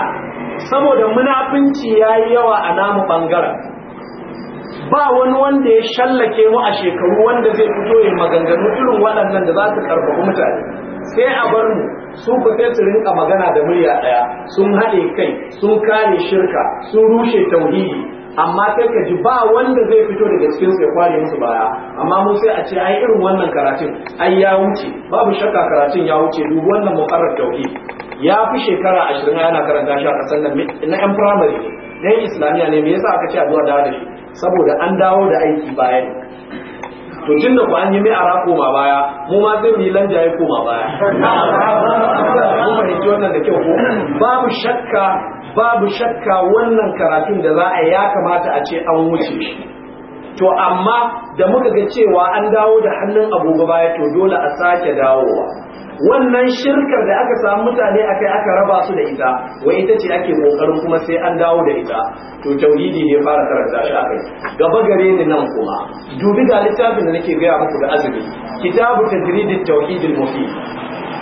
saboda munafunci ya yi yawa a namu ɓangaren ba wani wanda ya shallake mu a shekaru wanda zai fito yin maganganu irin waɗannan da za su karfafi mutane sai a bar mu su ku sai su rinka magana da murya ɗaya sun haɗe kai sun kare shirka sun rushe tauhidi amma sai ka ji ba wanda zai fito daga cikin su ya kware musu baya amma mun sai a ce ai irin wannan karatun ai ya wuce babu shakka karatun ya wuce duk wannan muqarrar tauhidi. ya fi shekara 20 yana karanta shi a kasan nan na yan primary ne na islamiya ne me yasa aka ce a zuwa da shi saboda an dawo da aiki bayan to tun da an yi mai ara koma baya mu ma zai mu yi ya koma baya mu wannan da kyau ko babu shakka babu shakka wannan karatun da za a ya kamata a ce an wuce to amma da muka ga cewa an dawo da hannun abu baya to dole a sake dawowa wannan shirkar da aka samu mutane akai aka raba su da ita wai ita ce ake kokarin kuma sai an dawo da ita to tauhidi ne fara karanta shi akai gaba gare ni nan kuma dubi ga littafin da nake gaya muku da azumi kitabu tajridit tauhidil mufid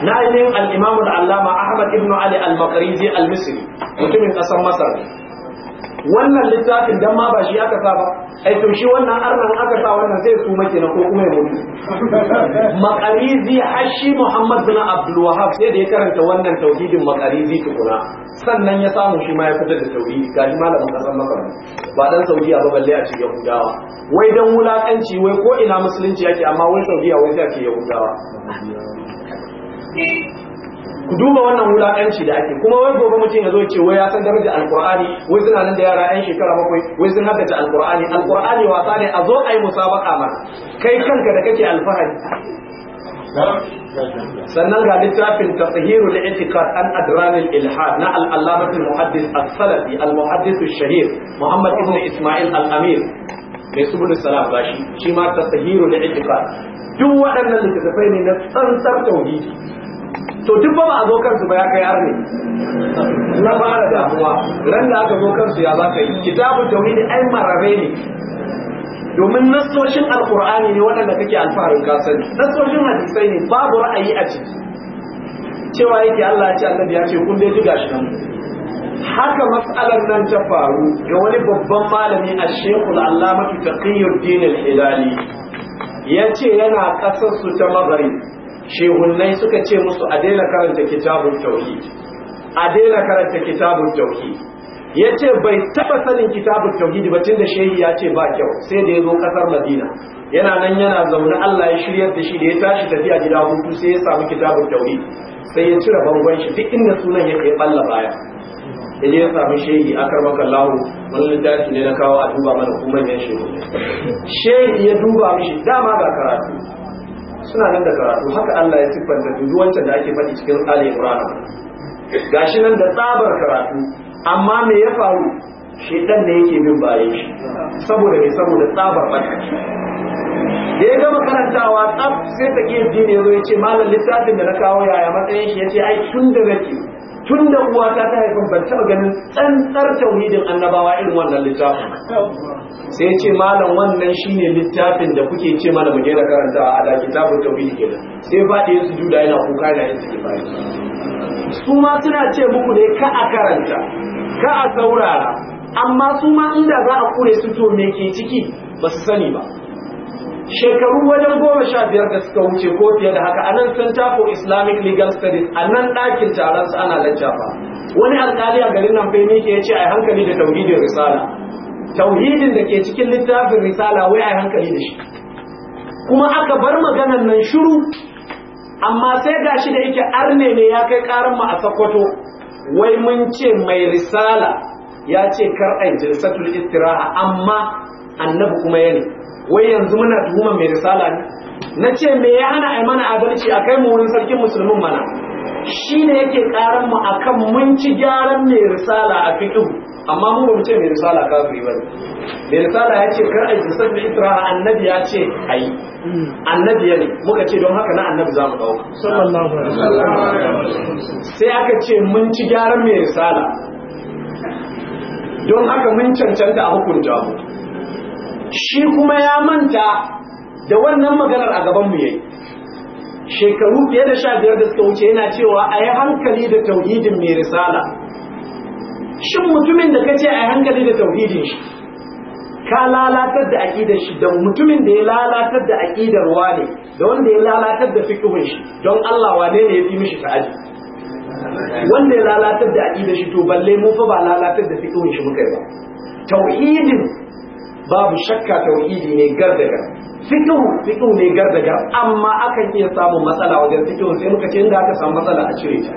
na ainihin al imam al-allama ahmad ibn ali al-maqrizi al-misri mutumin kasan masar wannan littafin dan ma ba shi aka sa ba ai to shi wannan arnan aka sa wannan sai su make na ko kuma ya mutu makarizi hashi muhammad bin abdul wahab sai da ya karanta wannan tauhidin makarizi tukuna sannan ya samu shi ma ya fitar da tauhidi gashi malamin kasan makar ba dan saudiya ba balle a cikin yahudawa wai dan wulakanci wai ko ina musulunci yake amma wai saudiya wai sai a ce ku duba wannan wulakanci da ake kuma wai gobe mutum ya zo ce wai ya san darajar alqur'ani wai suna nan da yara yan shekara bakwai wai sun haddace alqur'ani alqur'ani wasa ne a zo ai musabaka ma kai kanka da kake alfahari sannan ga littafin tasihiru da itikad an adranil ilhad na al'allamatul muhaddis as-salafi al-muhaddis shahir muhammad ibn isma'il al-amir mai subul salam bashi shi ma da itikad duk waɗannan littattafai ne na tsantsar tauhidi to duk ba a zo kansu ba ya kai har ne na fara damuwa ran da aka zo kansu ya za ka yi kitabun tauhidi ai marabe ne domin nasoshin alkur'ani ne waɗanda kake alfaharin sani, nasoshin hadisai ne babu ra'ayi a ciki cewa yake Allah ya ce annabi ya ce kun dai ji gashi nan haka matsalar nan ta faru da wani babban malami a shekul Allah mafi taqiyyuddin al ya ce yana kasar su ta maghrib shehunnai suka ce musu a daina karanta kitabun tauhi a daina karanta kitabun tauhi ya ce bai taba sanin kitabun tauhid ba tun da shehi ya ce ba kyau sai da ya zo kasar madina yana nan yana zaune Allah ya shiryar da shi da ya tashi tafiya gida hutu sai ya samu kitabun tauhid sai ya cire bangon shi duk inda sunan ya kai balla baya da ya sami shehi a karbaka kallahu wani littafi ne na kawo a duba mana kuma ya shehu shehi ya duba mishi dama ga karatu suna nan da karatu haka Allah ya siffanta duk wancan da ake faɗi cikin Ali Imran gashi nan da tsabar karatu amma me ya faru shedan ne yake bin bayan shi saboda ne saboda tsabar bata da ya gama karantawa tsaf sai ta ke ji zo ya ce malam littafin da na kawo yaya matsayin shi ya ce ai tun da nake tun da uwa ta haifin ban taɓa ganin tsantsar tauhidin annabawa irin wannan littafin sai ce malam wannan shine littafin da kuke ce mana mu daina karanta a da kitabun tauhidi kenan sai faɗi su juda yana kuka yana yin suke su ma suna ce muku ne ka a karanta ka a saurara amma su ma inda za a kure su to me ke ciki ba su sani ba shekaru wajen goma sha biyar da suka wuce ko fiye da haka a nan center for islamic legal studies a nan ɗakin taron su ana lajjafa wani alƙali a garin nan faimi ke ce a hankali da tauhidin risala tauhidin da ke cikin littafin risala wai a hankali da shi kuma aka bar maganan nan shiru amma sai shi da yake arne ne ya kai karan mu a sakwato wai mun ce mai risala ya ce kar a jinsatul istiraha amma annabi kuma yana wai yanzu muna tuhumar mai risala ne na ce me ya hana ai mana adalci a kai mu wurin sarkin musulmin mana shi ne yake karan mu akan mun ci gyaran mai risala a fiqh amma mu ba mu ce mai risala kafiri ba mai risala ya ce kar yi zisar da a annabi ya ce a yi? annabi ya ne muka ce don haka na annabi za mu dauka sai aka ce mun ci gyaran mai risala don haka mun cancanta a hukunta mu shi kuma ya manta da wannan maganar a gaban mu yayi shekaru fiye da sha biyar da suka wuce yana cewa a yi hankali da tauhidin mai risala shin mutumin da ka ce a yi hankali da tauhidin shi ka lalatar da aƙidar shi da mutumin da ya lalatar da aƙidar wane da wanda ya lalatar da fikihun shi don Allah wane ne ya fi mishi ta'aji wanda ya lalatar da aƙidar shi to balle mu fa ba lalatar da fikihun shi muka yi ba tauhidin babu shakka tauhidi ne gardaga fiqhu fiqhu ne gardaga amma akan iya samun matsala wajen fito sai muka ce inda aka samu matsala a cire ta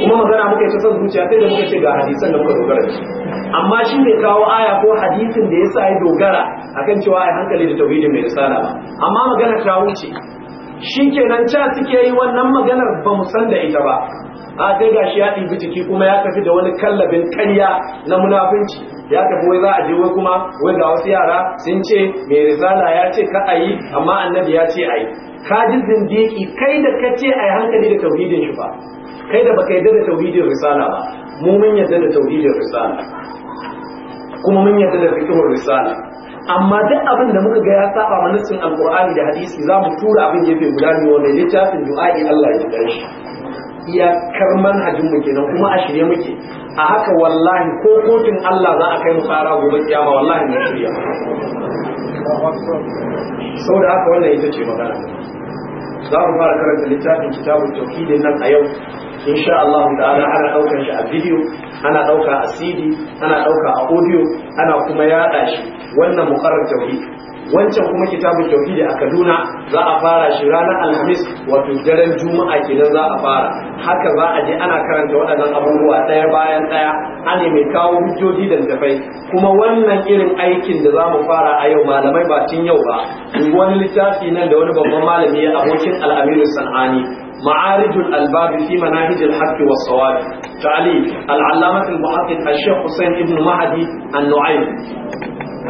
kuma magana muka yi ta zuciya sai da muka ce ga hadisan da muka dogara da shi amma shi ne kawo aya ko hadisin da ya sa ya dogara akan cewa ai hankali da tauhidi mai risala ba amma magana ta wuce shi kenan ca suke yi wannan maganar ba mu san da ita ba a kai gashi ya ɗibi jiki kuma ya tafi da wani kallabin ƙarya na munafunci ya tafi wai za a je wai kuma wai ga wasu yara sun ce mai risala ya ce ka a yi amma annabi ya ce a yi ka ji zindiki kai da ka ce a yi hankali da tauhidin shi ba kai da baka yadda da tauhidin risala ba mu mun yadda da tauhidin risala kuma mun yadda da risala amma duk abin da muka ga ya saba mana cikin alqur'ani da hadisi za mu tura abin gefe guda ne wanda littafin du'a'i Allah ya gare shi karman manhajin muke nan, kuma a shirye muke a haka wallahi ko kotun Allah za a kai mu fara gobe kiyama wallahi na shirya da haka wannan ita ce magana za mu fara karanta littafin kitabun tauhidin nan a yau insha Allah ta'ala ana daukar shi a video ana dauka a CD ana dauka a audio ana kuma yada shi wannan muqarrar tauhid wancan kuma kitabun tauhidi a Kaduna za a fara shi ranar Alhamis wato daren Juma'a kenan za a fara haka za a je ana karanta waɗannan abubuwa ɗaya bayan ɗaya ane mai kawo hujjoji da kuma wannan irin aikin da za mu fara a yau malamai ba tun yau ba wani littafi nan da wani babban malami abokin al'amiru san'ani معارج الألباب في مناهج الحق والصواب تعليق العلامة المحقق الشيخ حسين ابن مهدي النعيم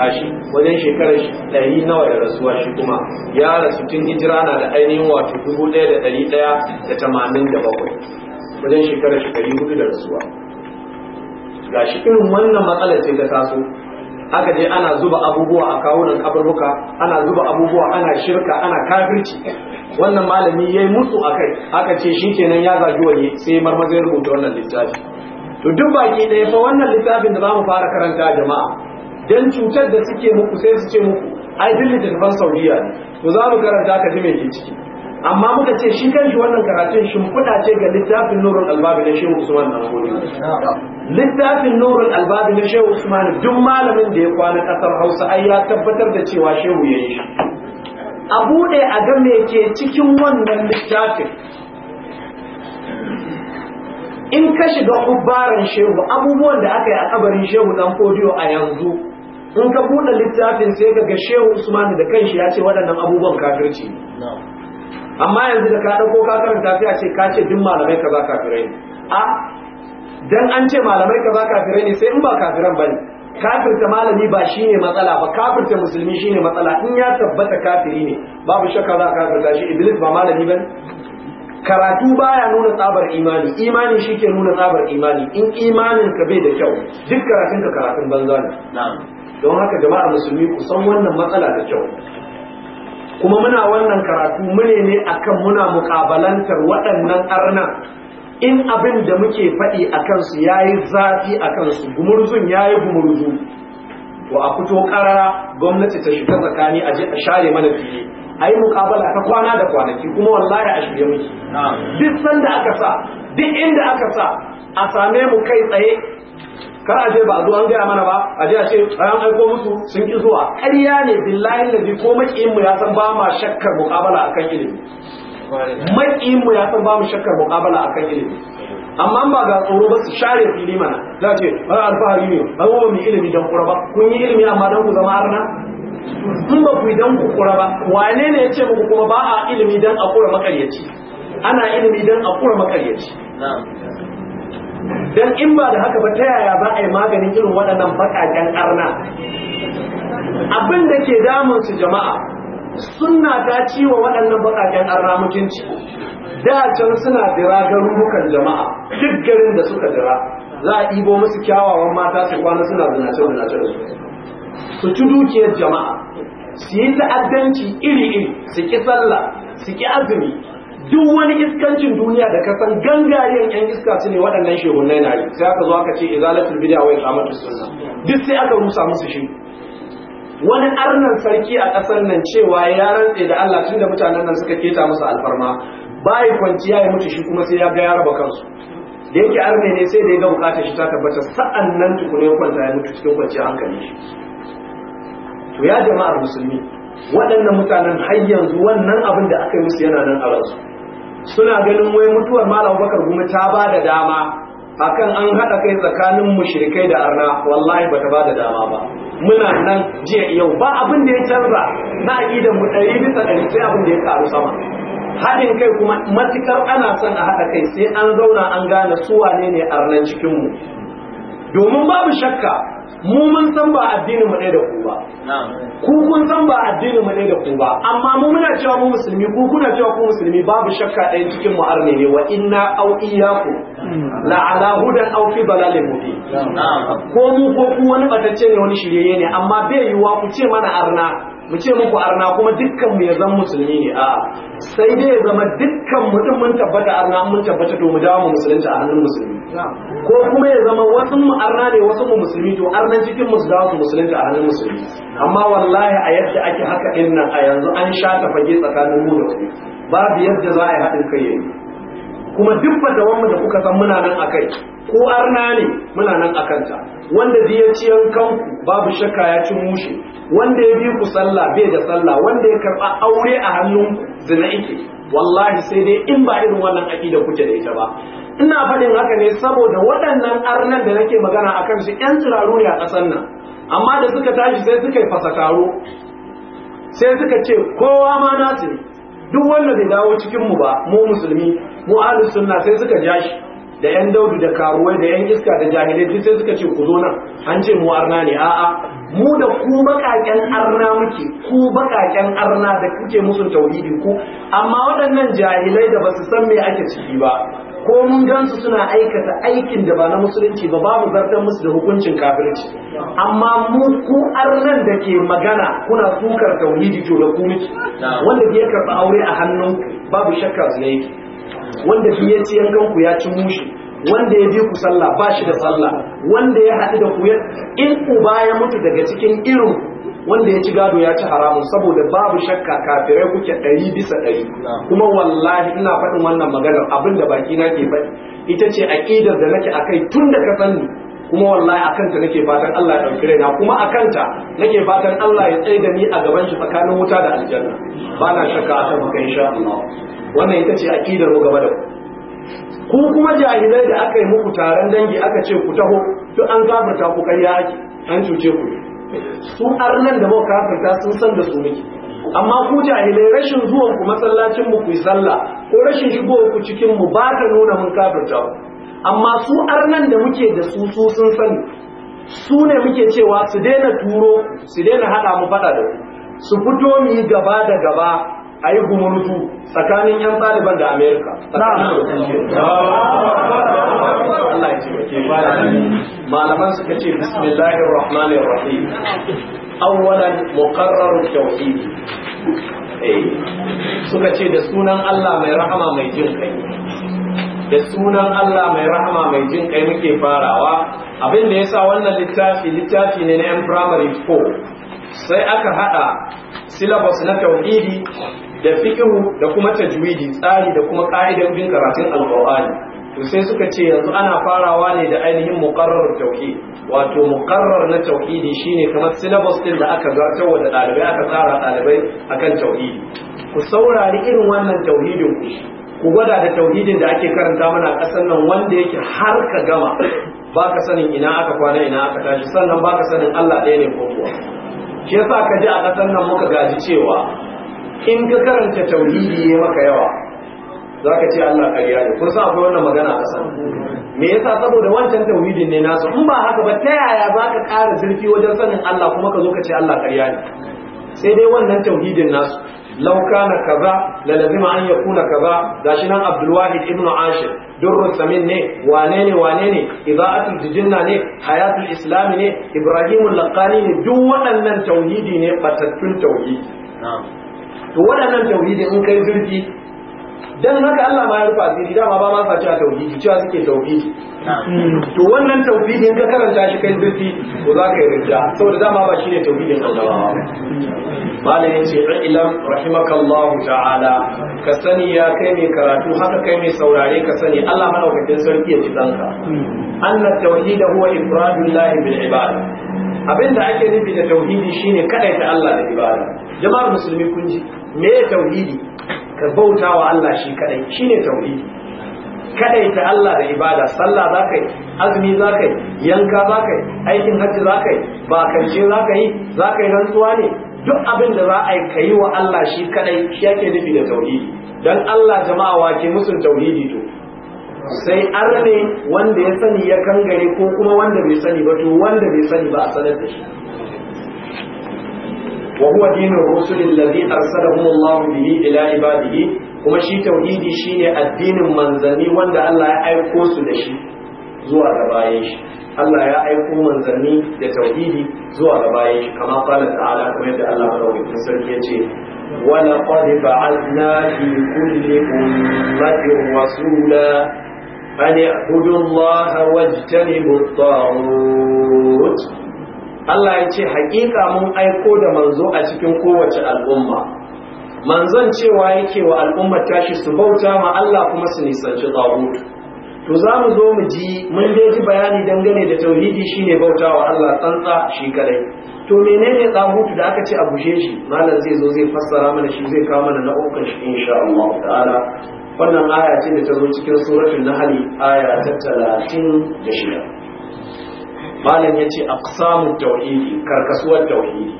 tashi wajen shekarar ɗari nawa da rasuwa shi kuma ya rasu tun hijira na da ainihin wato dubu ɗaya da ɗari ɗaya da tamanin da bakwai wajen shi da rasuwa ga shi irin wannan matsalar ce ta taso aka je ana zuba abubuwa a kawunan kaburbuka ana zuba abubuwa ana shirka ana kafirci wannan malami ya yi mutu a kai aka ce shi kenan ya zagi wani sai marmazin rubuta wannan littafi to duk baki ɗaya fa wannan littafin da za mu fara karanta jama'a don cutar da suke muku sai su ce muku ai duk littattafan saudiya ne to za mu karanta ka ji ke ciki amma muka ce shi kanshi wannan karatun shimfiɗa ce ga littafin nurul albabi na shehu usman na gode littafin nurul albabi na shehu usman duk malamin da ya kwana ƙasar hausa ai ya tabbatar da cewa shehu ya yi shi a buɗe a ga me ke cikin wannan littafin in ka shiga ubbaran shehu abubuwan da aka yi a kabarin shehu dan kodiyo a yanzu in ka buɗe littafin sai ka ga shehu usman da kanshi ya ce waɗannan abubuwan kafirci amma yanzu da ka dauko ka karanta sai a ce ka ce duk malamai ba kafirai ne a dan an ce malamai ka ba kafirai ne sai in ba kafiran bane kafirta malami ba shine matsala ba kafirta musulmi shine matsala in ya tabbata kafiri ne babu shakka za ka kafirta shi iblis ba malami bane karatu baya nuna tsabar imani imani shi ke nuna tsabar imani in imanin ka bai da kyau duk karatun ka karatun banza ne don haka jama'a musulmi ku san wannan matsala da kyau kuma muna wannan karatu mune ne akan muna mukabalantar waɗannan arna in abin da muke faɗi a kansu ya yi zafi a kansu gumurzun ya yi gumurzu Wa a fito ƙarara gwamnati ta shiga tsakani a share mana fiye a yi mukabala ta kwana da kwanaki kuma wallahi a shirye muke duk sanda aka sa duk inda aka sa a same mu kai tsaye kar a je ba a zo an gaya mana ba a je a ce an aiko musu sun ki zuwa ƙarya ne billahi lazi ko maƙiyin mu ya san ba ma shakkar muƙabala akan ilimi maƙiyin mu ya san ba mu shakkar muƙabala akan ilimi amma ba ga tsoro ba su share fili mana za ce ba alfahari ne ba ba mu ilimi dan kura ba kun yi ilimi amma dan ku zama arna in ba ku dan ku kura ba wane ne ya ce muku kuma ba a ilimi dan a kura makaryaci ana ilimi dan akura kura makaryaci dan in ba da haka ba ta yaya ba a yi maganin irin waɗannan baƙaƙen arna abin da ke damun su jama'a suna ta ciwo waɗannan baƙaƙen arna mutunci da can suna dira garurukan jama'a duk garin da suka dira za a ibo musu kyawawan mata su kwana suna zinace zinace da su su ci dukiyar jama'a su yi ta'addanci iri iri su ki sallah su ki azumi duk wani iskancin duniya da kasan gangayen yan iska su ne waɗannan shehunnai na yi sai aka zo aka ce izalatul bid'a wa iqamatu sunna duk sai aka rusa musu shi wani arnan sarki a ƙasar nan cewa ya rantse da Allah tun da mutanen nan suka keta musu alfarma bai kwanciya ya mutu shi kuma sai ya ga ya raba kansu da yake arne ne sai da ya ga bukatar shi ta tabbata sa'an nan tukune kwanta ya mutu cikin kwanci hankali shi to ya jama'ar musulmi waɗannan mutanen har yanzu wannan abin da aka yi musu yana nan a ransu suna ganin wai mutuwar malam bakar gumi ta ba da dama akan an haɗa kai tsakanin mushrikai da arna wallahi ba ta ba da dama ba muna nan jiya yau ba abin da ya canza na aƙidan mu ɗari bisa ɗari sai abin da ya karu sama haɗin kai kuma matukar ana son a haɗa kai sai an zauna an gane su wane ne arnan cikinmu domin babu shakka mu mun san ba addinin mu ne da ku ba ku kun san ba addinin mu ne da ku ba amma mu muna cewa mu musulmi ku kuna cewa ku musulmi babu shakka ɗaya cikin mu arne ne wa inna au iyyaku la ala hudan au fi mubin ko mu ko ku wani batacce ne wani shirye ne amma bai yiwa ku ce mana arna mu ce muku arna kuma dukkan mu ya zan musulmi ne a sai dai ya zama dukkan mu din mun tabbata arna mun tabbata to mu dawo mu musulunci a hannun musulmi ko kuma ya zama wasu mu arna ne wasu mu musulmi to arna cikin mu su dawo su musulunci a hannun musulmi amma wallahi a yadda ake haka din nan a yanzu an sha ta fage tsakanin mu da ku babu yadda za a yi haɗin kai yayi kuma duk fatawanmu da kuka san muna nan akai ko arna ne muna nan kanta. wanda da ya ci babu shakka ya ci mushe wanda ya bi ku sallah bai da sallah wanda ya karɓa aure a hannun zina ike wallahi sai dai in ba irin wannan aƙida kuke da ita ba ina faɗin haka ne saboda waɗannan arnan da nake magana akan su ƴan turaru ne a ƙasar nan amma da suka tashi sai suka yi fasakaro sai suka ce kowa ma nasu ne duk wanda bai dawo cikin mu ba mu musulmi mu ahlus sunna sai suka ja shi da yan daudu da karuwai da yan iska da jahilai duk sai suka ce ku zo nan an ce mu arna ne a'a mu da ku bakaken arna muke ku bakaken arna da kuke musun tauhidi ku amma waɗannan jahilai da basu san me ake ciki ba ko mun gansu suna aikata aikin da ba na musulunci ba babu zartar musu da hukuncin kafirci amma mu ku arnan da ke magana kuna sukar tauhidi to da ku wanda ya karɓi aure a hannun babu shakka su yake wanda ya ci yankan ku ya ci mushi wanda ya bi ku sallah ba shi da sallah wanda ya haɗu da ku in uba ya mutu daga cikin irin wanda ya ci gado ya ci haramun saboda babu shakka kafirai kuke ɗari bisa ɗari kuma wallahi ina faɗin wannan maganar abin da baki na ke faɗi ita ce aƙidar da nake akai tun da ka ni kuma wallahi a kanta nake fatan Allah ya ɗauki raina kuma a kanta nake fatan Allah ya tsaye da ni a gaban shi tsakanin wuta da aljanna ba na shakka a kan maka insha Allah wannan ita ce aƙidar mu gaba da ku kuma jahilai da aka yi muku taron dangi aka ce ku taho duk an gafarta ku kai ya ake an cuce ku su arnan da muka afirka sun san da su miki amma ku jahilai rashin zuwan ku masallacin mu ku yi sallah ko rashin shigo ku cikin mu ba ta nuna mun kafirta ku amma su arnan da muke da su su sun sani su ne muke cewa su daina turo su daina hada mu fada da su fito mu yi gaba da gaba a yi gumurtu tsakanin 'yan ɗaliban da amerika malaman suka ce bismillahir rahmanir rahim awwalan muqarrarut tauhid eh. suka ce da sunan Allah mai rahama mai jin kai da sunan Allah mai rahama mai jin kai muke farawa abin da yasa wannan littafi littafi ne na 'yan primary 4 sai aka hada syllabus na tauhidi da fikihu da kuma tajwidi tsari da kuma ka'idar bin karatun alqur'ani to sai suka ce yanzu ana farawa ne da ainihin muqarrar tauhid wato muqarrar na tauhidi shine kamar syllabus din da aka wa da dalibai aka tsara dalibai akan tauhidi ku saurari irin wannan tauhidin ku ku gwada da tauhidin da ake karanta mana kasan nan wanda yake har ka gama baka sanin ina aka kwana ina aka tashi sannan baka sanin Allah ɗaya ne ko kuwa Ke sa ka ji a kasan nan muka gaji cewa in ka karanta tauhidi ya maka yawa za ka ce Allah ka riya kun san ku wannan magana a san me yasa saboda wancan tauhidin ne nasu in ba haka ba ta yaya za ka ƙara zurfi wajen sanin Allah kuma ka zo ka ce Allah ka riya sai dai wannan tauhidin nasu law kana kaza la lazima an yakuna kaza gashi nan abdul wahid ibnu ashir samin ne wane ne wane ne jinna ne hayatul islam ne ibrahimul laqani ne duk waɗannan tauhidi ne batattun tauhidi na'am to waɗannan tauhidi in kai zurfi dan haka Allah ma ya rufa asiri dama ba ma sa cewa tauhidi cewa suke tauhidi to wannan tauhidin ka karanta shi kai zurfi to za ka yi rijja saboda dama ba shine tauhidin annabawa malam yace ilam rahimakallahu ta'ala ka sani ya kai mai karatu haka kai mai saurare ka sani Allah madaukakin sarki ya ji danka anna tauhid huwa ifradullah bil ibada abinda ake nufi da tauhidi shine kadaita Allah da ibada jama'ar musulmi kun ji me tauhidi ka bauta wa Allah shi kadai shine tauhidi kadai ta Allah da ibada sallah zakai azumi zakai yanka zakai aikin hajji zakai ba karshe zakai zakai rantsuwa ne duk abin da za a yi wa Allah shi kadai shi yake nufi da tauhidi dan Allah jama'a wa ke musun tauhidi to sai arne wanda ya sani ya kangare ko kuma wanda bai sani ba to wanda bai sani ba a sanar da shi wa huwa dinur rusul allazi arsalahum Allah bihi ila ibadihi kuma shi tauhidi shine addinin manzanni wanda Allah ya aiko su da shi zuwa ga bayan shi Allah ya aiko manzanni da tauhidi zuwa ga bayan shi kama qala ta'ala kuma yadda Allah ya ce أن اعبدوا الله واجتنبوا الطاغوت Allah ya ce haƙiƙa mun aiko da manzo a cikin kowace al'umma manzon cewa yake wa al'umma tashi su bauta ma Allah kuma su nisanci tsagutu to za mu zo mu ji mun dai ji bayani dangane da tauhidi shine bauta wa Allah tsantsa shi kadai to menene tsagutu da aka ce a bushe shi malam zai zo zai fassara mana shi zai kawo mana na'ukan shi insha Allah ta'ala wannan aya ce da ta zo cikin suratul nahl aya ta 36 malam ya ce samun tauhidi karkasuwar tauhidi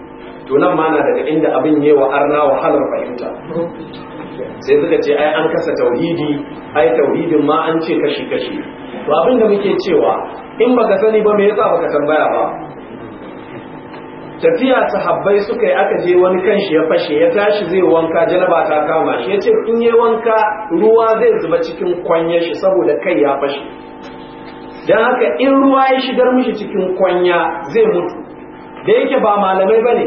to nan ma na daga inda abin wa arna wahalar fahimta sai suka ce ai an kasa tauhidi ai tauhidin ma an ce kashi kashi to abin da muke cewa in baka sani ba me yasa baka tambaya ba tafiya sahabbai suka yi aka je wani kan shi ya fashe ya tashi zai wanka janaba ta kama shi ya ce in yi wanka ruwa zai zuba cikin kwanyar shi saboda kai ya fashe don haka in ruwa ya shigar mishi cikin kwanya zai mutu da yake ba malamai ba ne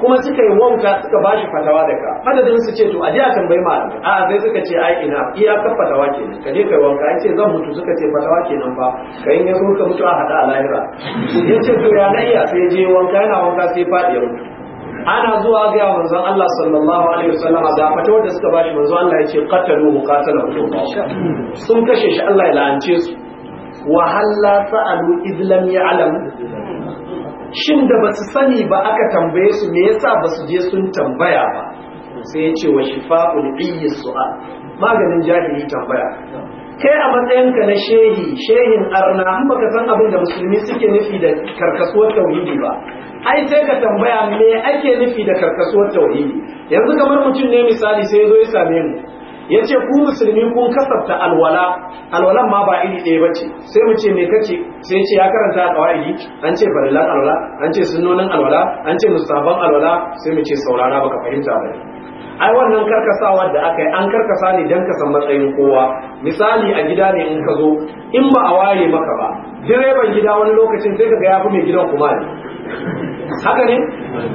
kuma suka yi wanka suka ba shi fatawa da ka madadin su ce to a jiya tambayi malamai a zai suka ce ai ina iyakar fatawa kenan ka je yi wanka ya ce zan mutu suka ce fatawa kenan ba ka yin yanzu ka mutu a hada a lahira ya ce to ya na iya sai je wanka yana wanka sai faɗi ya mutu ana zuwa ga manzon Allah sallallahu alaihi wasallam da fata wanda suka bashi manzon Allah ya ce qatalu qatalahu sun kashe shi Allah ya la'ance su wa halla sa'alu izlam ya'lam shin da basu sani ba aka tambaye su me yasa basu je sun tambaya ba sai ya ce wa shifa'ul iyyi su'al maganin jahili tambaya kai a matsayinka na shehi shehin arna an baka san abin da musulmi suke nufi da karkasuwar tauhidi ba ai sai ka tambaya me ake nufi da karkasuwar tauhidi yanzu kamar mutum ne misali sai ya zo ya same mu ya ce ku musulmi kun kasafta alwala alwalan ma ba iri ɗaya bace sai mu ce me kake sai ce ya karanta a kawai an ce farilan alwala an ce sunnonin alwala an ce mustaban alwala sai mu ce saurara baka fahimta ba ai wannan karkasawa da aka yi an karkasa ne don ka san matsayin kowa misali a gida ne in ka zo in ba a waye maka ba direban gida wani lokacin sai ka ga yafi mai gidan kuma ne haka ne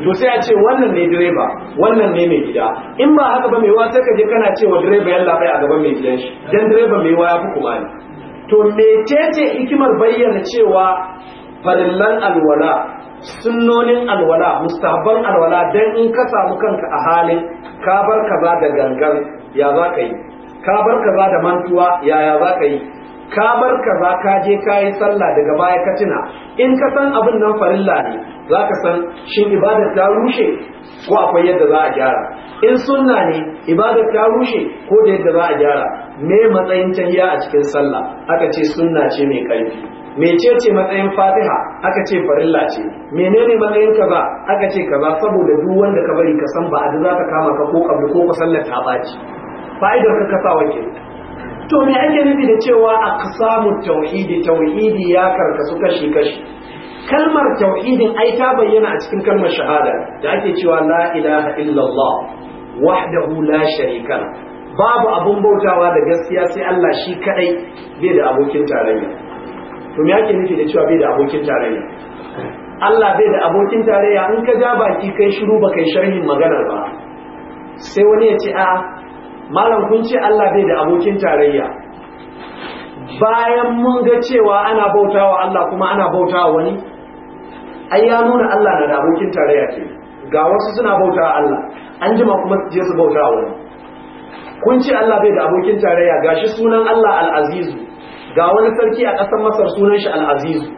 to sai a ce wannan ne direba wannan ne mai gida in ba haka ba mai wa sai ka je kana cewa direba yalla bai a gaban mai gidan shi dan direba mai wa ya fi kuma ne to tete hikimar bayyana cewa farillan alwala sunnonin alwala mustahabban alwala dan in ka samu kanka a halin ka bar kaza da gangan ya za ka yi ka bar kaza da mantuwa ya ya za ka yi ka bar kaza ka je ka yi sallah daga baya ka tuna in ka san abin nan farilla ne za ka san shin ibadar ta rushe ko akwai yadda za a gyara in sunna ne ibadar ta rushe ko da yadda za a gyara me matsayin tahiya a cikin sallah aka ce sunna ce mai ƙarfi ce matsayin fatiha aka ce farilla ce menene matsayin kaza aka ce kaza saboda duk wanda ka bari ka san ba a za ka kama ka ko kabli ko ka sallar ta ɓaci fa'idar ka kasawa ke to me ake nufi da cewa aqsamut tauhidi tauhidi ya karkasu kashi kashi kalmar tauhidin ai ta bayyana a cikin kalmar shahada da ake cewa la ilaha illallah wahdahu la sharika babu abun bautawa da gaskiya sai Allah shi kadai bai da abokin tarayya to me ake nufi da cewa bai da abokin tarayya Allah bai da abokin tarayya in ka ja baki kai shiru ba kai sharhin maganar ba sai wani ya ce a malam kun ce Allah bai da abokin tarayya bayan mun ga cewa ana bautawa Allah kuma ana bautawa wani ai ya nuna Allah na da abokin tarayya ke ga wasu suna bautawa Allah an jima kuma su je su bautawa wani kun ce Allah bai da abokin tarayya gashi sunan Allah al-Azizu ga wani sarki a ƙasar Masar sunan shi al-Azizu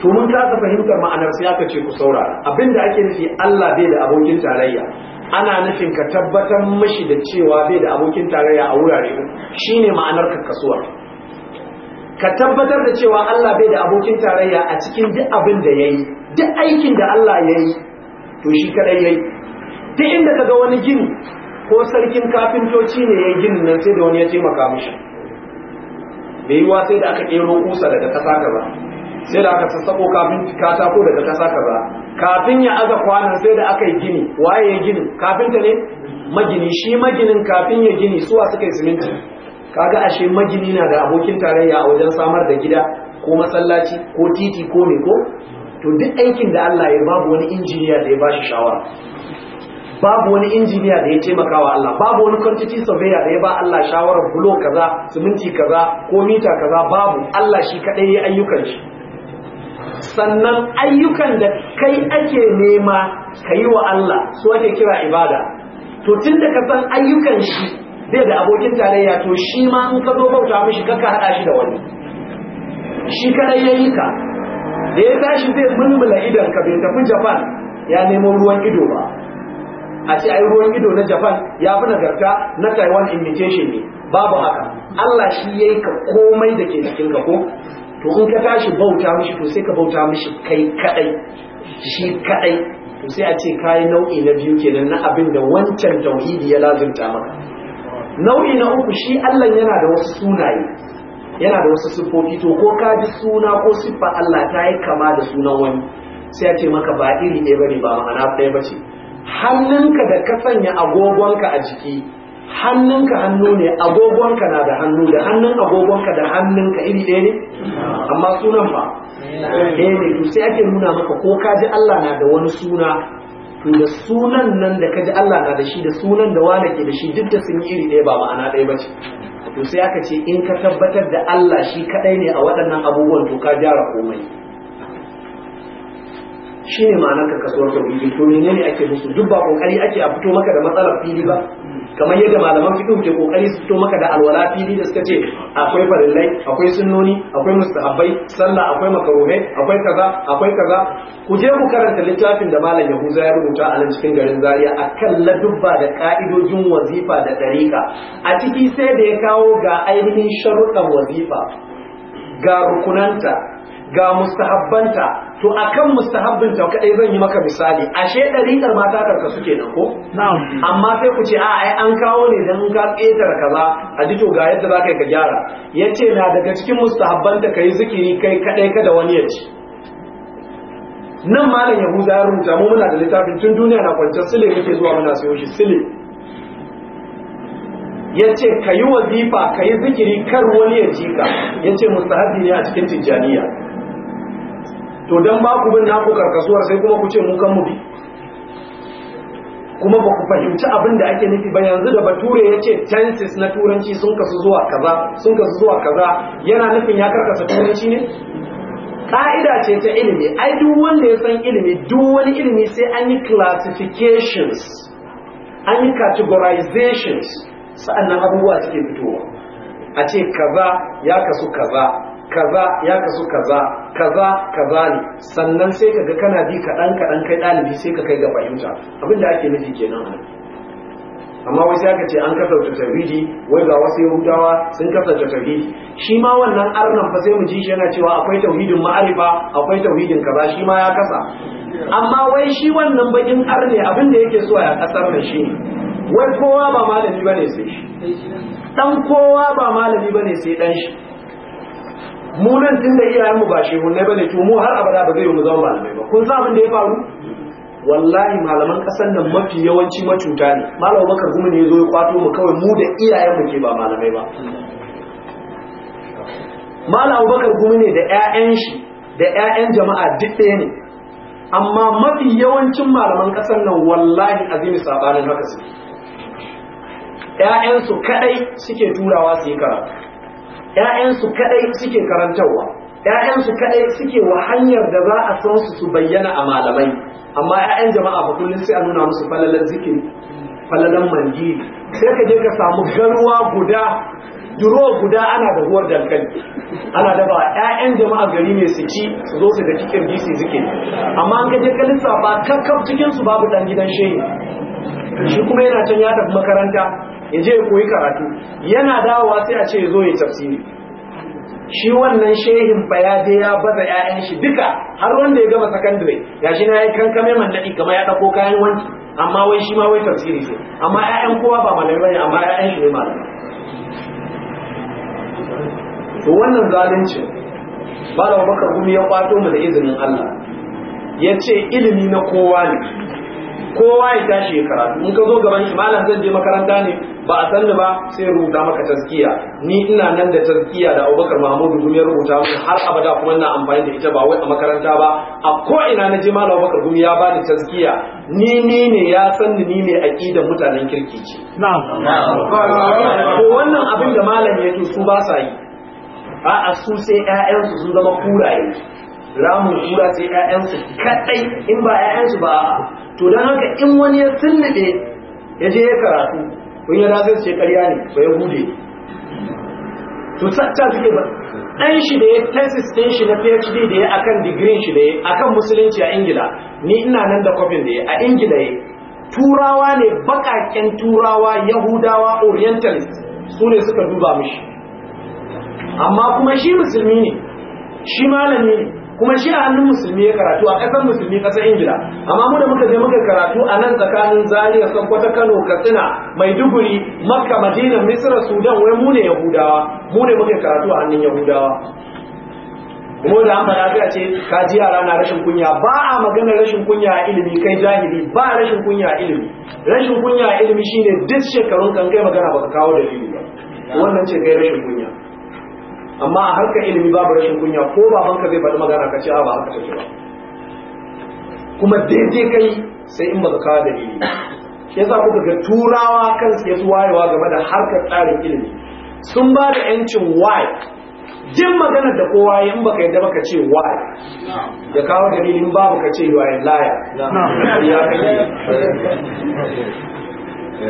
to mun kasa fahimtar ma'anar sai aka ce ku saurara abinda ake nufi Allah bai da abokin tarayya ana nufin ka tabbatar mashi da cewa bai da abokin tarayya a wurare shine ma'anar kasuwa. ka tabbatar da cewa Allah bai da abokin tarayya a cikin duk abin da yi, duk aikin da Allah ya yi, to shi kadai yi. duk inda ka ga wani gini ko sarkin kafintoci ne ya yi gini nan sai da wani ya taimaka mishi da yiwa sai da aka kero kusa daga sai da aka sassako katako daga kasa kaza kafin ya aza kwanan sai da aka yi gini waye ya gini kafinta ne magini shi maginin kafin ya gini suwa suka yi siminti kaga ashe magini na da abokin tarayya a wajen samar da gida ko masallaci ko titi ko me ko to duk aikin da Allah ya babu wani injiniya da ya ba shi shawara babu wani injiniya da ya taimaka wa Allah babu wani kwantiti surveyor da ya ba Allah shawarar bulo kaza siminti kaza ko mita kaza babu Allah shi kadai ya ayyukan shi sannan ayyukan da kai ake nema ka yi wa Allah su ake kira ibada to tun da ka san ayyukan shi zai da abokin tarayya to shi ma in ka zo bauta mishi kaka haɗa shi da wani shi kadai ya yi ka da ya tashi zai mulmula idon ka bai tafi Japan ya nemo ruwan ido ba a ce ai ruwan ido na Japan ya fi nagarta na Taiwan imitation ne babu haka Allah shi ya yi ka komai da ke cikin ka ko to in ka tashi bauta mishi to sai ka bauta mishi kai kadai shi kadai to sai a ce kayi nau'i na biyu kenan na abin da wancan tauhidi ya lazimta maka nau'i na uku shi Allah yana da wasu sunaye yana da wasu siffofi to ko ka ji suna ko siffa Allah ta yi kama da sunan wani sai a ce maka ba iri ɗaya bane ba ma'ana ɗaya bace hannunka da ka sanya agogonka a jiki hannunka hannu ne agogonka na da hannu da hannun agogonka da hannunka iri ɗaya ne amma sunan fa ɗaya ne to sai ake nuna maka ko ka ji Allah na da wani suna to da sunan nan da ka ji Allah na da shi da sunan da wane ke da shi duk da sun iri ɗaya ba ma'ana ɗaya ba ce to sai aka ce in ka tabbatar da Allah shi kaɗai ne a waɗannan abubuwan to ka gyara komai shi ne ma'anar ka kasuwar tauhidi to ne ake musu duk ba kokari ake a fito maka da matsalar fili ba kamar yadda malaman fiqh ke kokari su fito maka da alwala fili da suka ce akwai farillai akwai sunnoni akwai mustahabbai sallah akwai makaruhai akwai kaza akwai kaza ku je ku karanta littafin da malam yahuza ya rubuta a nan cikin garin zaria akan ladubba da ka'idojin wazifa da dariƙa a ciki sai da ya kawo ga ainihin sharuɗan wazifa ga rukunanta ga mustahabbanta to akan mustahabbin ta kadai zan yi maka misali ashe dariƙar mata karka suke nan ko amma sai ku ce a ai an kawo ne dan ka ƙetar kaza a ji to ga yadda za ka gyara yace na daga cikin mustahabban ta kai zikiri kai kadai kada wani ya ci nan malam yahuza ya rubuta mu muna da littafin tun duniya na kwanciyar sile muke zuwa muna sayo shi sile ya ce ka yi wazifa ka yi zikiri kar wani ya ji ka ya ce mustahabbi ne a cikin tijjaniya to don ba ku bin naku karkasuwar sai kuma ku ce mun kan mu bi kuma ba ku fahimci abin da ake nufi ba yanzu da bature ya ce tensis na turanci sun kasu zuwa kaza sun kasu zuwa kaza yana nufin ya karkasa turanci ne ƙa'ida ce ta ilimi ai duk wanda ya san ilimi duk wani ilimi sai an yi classifications an yi categorizations sa'annan abubuwa suke fitowa a ce kaza ya kasu kaza kaza ya kasu kaza kaza kaza ne sannan sai ka ga kana bi kaɗan kaɗan kai ɗalibi sai ka kai ga fahimta abin da ake nufi kenan amma wasu ka ce an ta tarihi wai ga wasu yahudawa sun ta tarihi shi ma wannan arnan fa sai mu ji shi yana cewa akwai tauhidin ma'arifa akwai tauhidin kaza shi ma ya kasa amma wai shi wannan bakin arne abin da yake so a kasar da shi wai kowa ba malami bane sai shi dan kowa ba malami bane sai dan shi mu nan tun da iyayen mu ba ne bane to mu har abada ba zai yi mu zama malamai ba kun san abin da ya faru wallahi malaman kasar nan mafi yawanci macuta ne malam bakar gumi ne zo ya kwato mu kawai mu da iyayen mu ke ba malamai ba malam bakar gumi ne da ƴaƴan shi da ƴaƴan jama'a duk ɗaya ne amma mafi yawancin malaman kasar nan wallahi azimi sabanin haka su su kadai suke turawa su yi karatu ‘ya'yansu kaɗai suke karantarwa, ‘ya'yansu kaɗai suke wa hanyar da za a san su su bayyana a malamai, amma ‘ya'yan jama'a ba kullum sai a nuna musu falalan zikiri, falalan mandiri, sai ka je ka samu garuwa guda, duro guda ana da huwar dankali, ana da ba ‘ya'yan jama'a gari ne su ci su zo su da cikin bisi zikiri, amma an ka je ka lissafa cikinsu babu ɗan gidan shehi, shi kuma yana can ya tafi makaranta, ya je ya koyi karatu yana dawowa sai a ce ya zo ya tafsiri shi wannan shehin fa ya je ya baza 'ya'yan shi duka har wanda ya gama sakandare ya shi na yi kankame man naɗi kamar ya ɗauko kayan wanki amma wai shi ma wai tafsiri ce amma 'ya'yan kowa ba malami bane amma 'ya'yan shi ne malami to wannan zalunci da bakar gumi ya kwato mu da izinin Allah ya ce ilimi na kowa ne kowa ya tashi ya karatu in ka zo gaban shi malam zan je makaranta ne ba a san ba sai rubuta maka taskiya ni ina nan da taskiya da Abubakar Mahmudu gumi ya rubuta min har abada kuma ina amfani da ita ba wai a makaranta ba a ko ina na je malam Abubakar gumi ya bani taskiya ni ni ne ya san ni ne aqidar mutanen kirki ce na'am ko wannan abin da malam yake su ba sa yi a su sai su sun zama kuraye ramu kura sai su kadai in ba 'ya'yansu ba to don haka in wani ya sunnuɗe ya je ya karatu kun yi zai ce karya ne ya hude to ta suke ba ɗan shi da ya tesis ɗin shi na phd da ya akan digirin shi da ya akan musulunci a ingila ni ina nan da kofin da ya a ingila ya turawa ne baƙaƙen turawa yahudawa orientalist su ne suka duba mishi amma kuma shi musulmi ne shi malami ne kuma shi a hannun musulmi ya karatu a ƙasar musulmi ƙasar ingila amma mu da muka je muka karatu a nan tsakanin zaria sokoto kano katsina maiduguri makka madina misra sudan wai mu ne yahudawa mu ne muka karatu a hannun yahudawa kuma da an faɗa sai ce ka ji yara na rashin kunya ba a maganar rashin kunya a ilimi kai jahili ba rashin kunya a ilimi rashin kunya a ilimi shine duk shekarun kan kai magana baka kawo dalili ba wannan ce kai rashin kunya amma a harkar ilimi babu rashin kunya ko babanka zai faɗi magana ka ce a ba haka take ba kuma daidai kai sai in baka kawo dalili shi yasa kuka ga turawa kan kansu su wayewa game da harkar tsarin ilimi sun ba da yancin why jin magana da kowa in baka yadda baka ce why Da kawo in babu ka ce why laya. ya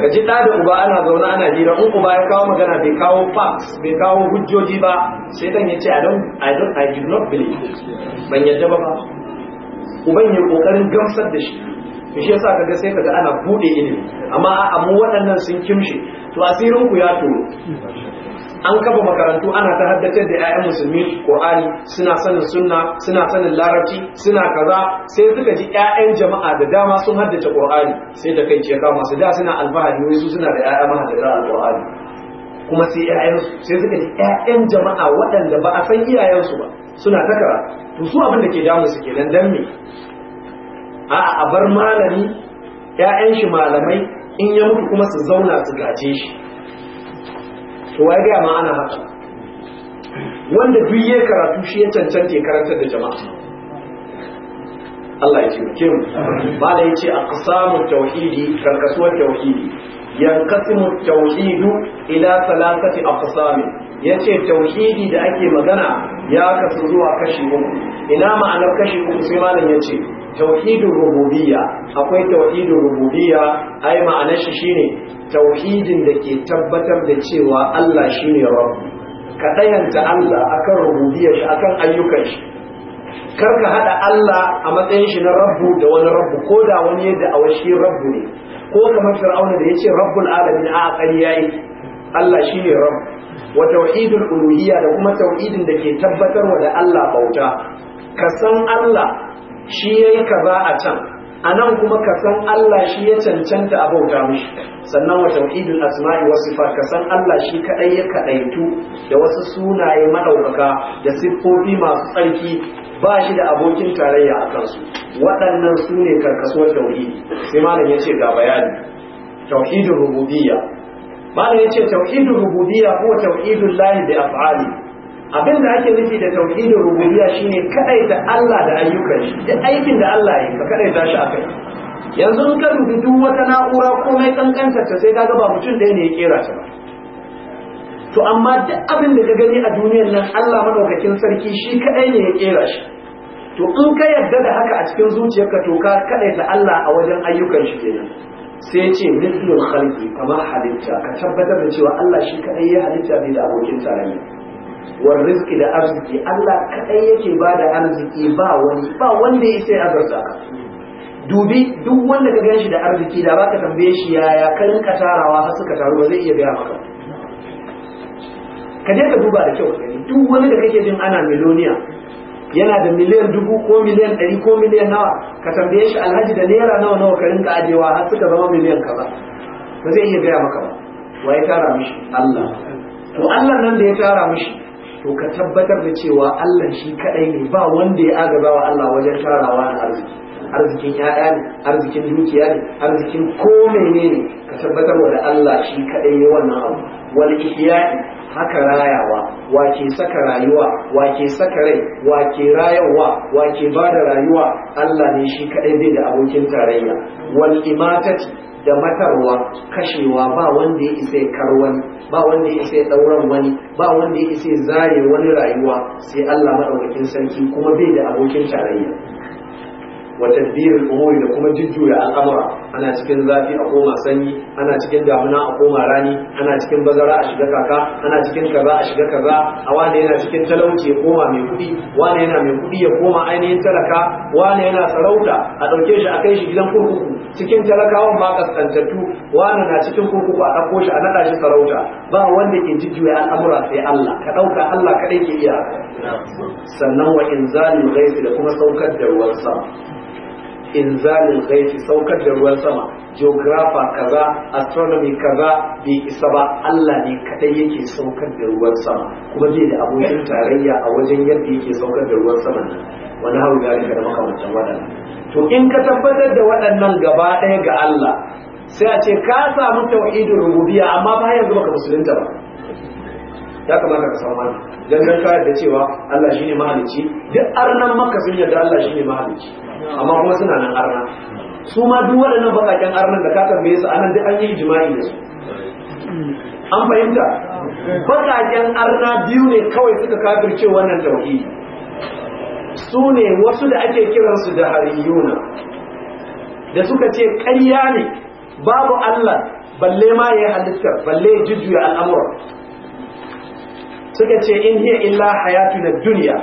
ka ji da uba ana zaune ana hira in uba ya kawo magana bai kawo facts bai kawo hujjoji ba sai dan yace ce i don't i don't i do not believe ban yadda ba ba uban ya kokarin gamsar da shi to shi yasa kaga sai kaga ana bude ilimi amma a mu waɗannan sun kimshe to asirin ku ya turo an kafa makarantu ana ta haddace da 'ya'yan musulmi Qur'ani suna sanin sunna suna sanin larabci suna kaza sai suka ji 'ya'yan jama'a da dama sun haddace Qur'ani sai da kai ce ka masu da suna alfahari wai su suna da 'ya'yan mahaddata al-Qur'ani kuma sai 'ya'yan sai suka ji 'ya'yan jama'a waɗanda ba a san iyayensu ba suna ta to su abin da ke damu su kenan dan me a'a a bar malami 'ya'yan shi malamai in ya mutu kuma su zauna su gace shi to ya ga ma ana haka wanda duk ya karatu shi ya cancanta ya karanta da jama'a Allah ya ce mu bala yace aqsamu tauhidi karkasuwar tauhidi ينقسم tauhidu ila ثلاثه اقسام yace tauhidi da ake magana ya kasu zuwa kashi uku ina ma'anar kashi uku sai malam yace tauhidin rububiyya akwai tauhidin rububiyya ai ma'anar shi shine tauhidin da ke tabbatar da cewa Allah shine rabb ka dayanta Allah akan rububiyyar shi akan ayyukan shi kar ka hada Allah a matsayin shi na rabbu da wani rabbu ko da wani yadda a washi rabbu ne ko kamar fir'auna da yace rabbul alamin a ƙarya Allah shine rabb wa tauhidul uluhiyya da kuma tauhidin da ke tabbatarwa da Allah bauta ka san Allah shi yayi kaza a can a nan kuma ka san Allah shi ya cancanta a bauta mishi sannan wa tauhidul asma'i wa sifat ka san Allah shi kadai ya kadaitu da wasu sunaye madaukaka da siffofi masu tsarki ba shi da abokin tarayya a kansu waɗannan su ne karkasuwar tauhidi sai malam ya ce ga bayani tauhidul rububiyya malam ya ce tauhidul rububiyya ko tauhidul lahi bi af'ali abin da ake nufi da tauhidin rububiyya shine kadaita Allah da ayyukan shi da aikin da Allah ya ka kadaita shi akai yanzu in ka dubi duk wata na'ura komai kankantar ta sai ga ba mutum da ne ya kera ta ba to amma duk abin da ka gani a duniyar nan Allah madaukakin sarki shi kadai ne ya kera shi to in ka yarda da haka a cikin zuciyarka to ka kadaita Allah a wajen ayyukan shi kenan sai ce mithlul khalqi kama halitta ka tabbatar da cewa Allah shi kadai ya halitta ne da abokin tarayya wa Rizqi da arziki Allah kadai yake ba da arziki ba wani ba wanda ya sai azarta dubi duk wanda ka ganshi da arziki da baka tambaye shi yaya ka tarawa har suka taru ba zai iya gaya maka ka je ka duba da kyau duk wani da kake jin ana miloniya yana da miliyan dubu ko miliyan ɗari ko miliyan nawa ka tambaye shi alhaji da naira nawa nawa ka rinka ajewa har suka zama miliyan kaza ba zai iya gaya maka ba wa ya tara mishi Allah to Allah nan da ya tara mishi to ka tabbatar da cewa Allah shi kadai ne ba wanda ya agaba wa Allah wajen tarawa na arziki arzikin yaya ne arzikin dukiya ne arzikin ko menene ka tabbatar wa da Allah shi kadai ne wannan abu wal ihya'i haka rayawa wake saka rayuwa wake saka rai wake rayarwa wake bada rayuwa Allah ne shi kadai zai da abokin tarayya wal imatati da matarwa kashewa ba wanda ya isa kar wani ba wanda ya isa dauran wani ba wanda ya isa zare wani rayuwa sai Allah madaukakin sarki kuma bai da abokin tarayya wa tadbir al-umuri da kuma jujjuya al'amura ana cikin zafi a koma sanyi ana cikin damuna a koma rani ana cikin bazara a shiga kaka ana cikin kaza a shiga kaza a wanda yana cikin talauci ya koma mai kuɗi wanda yana mai kuɗi ya koma ainihin talaka wanda yana sarauta a ɗauke shi a kai shi gidan kurkuku cikin talakawan ba kaskantattu wanda na cikin kurkuku a ɗauko shi a naɗa shi sarauta ba wanda ke jujjuya al'amura sai Allah ka ɗauka Allah kaɗai ke iya sannan wa inzalul ghaisi da kuma saukar da ruwan sama inzalin ghaifi saukar da ruwan sama geografa kaza astronomy kaza bai isa ba Allah ne kadai yake saukar da ruwan sama kuma zai da abokin tarayya a wajen yadda yake saukar da ruwan sama nan wani hau ya rika da makamancin waɗannan to in ka tabbatar da waɗannan gaba ɗaya ga Allah sai a ce ka samu tauhidin rububiyya amma ba yanzu baka musulunta ba ya kamata ka samu mani don ka yarda cewa Allah shine mahalicci duk arnan maka sun yarda Allah shine mahalicci amma kuma suna nan arna su ma duk waɗannan bakakken arnan da ka tambaye su anan duk an yi jima'i da su an fahimta bakakken arna biyu ne kawai suka kafirce wannan tauhidi su ne wasu da ake kiransu da hariyuna da suka ce ƙarya ne babu Allah balle ma ya halittar balle ya jujjuya al'amura suka ce in hiya illa hayatu na duniya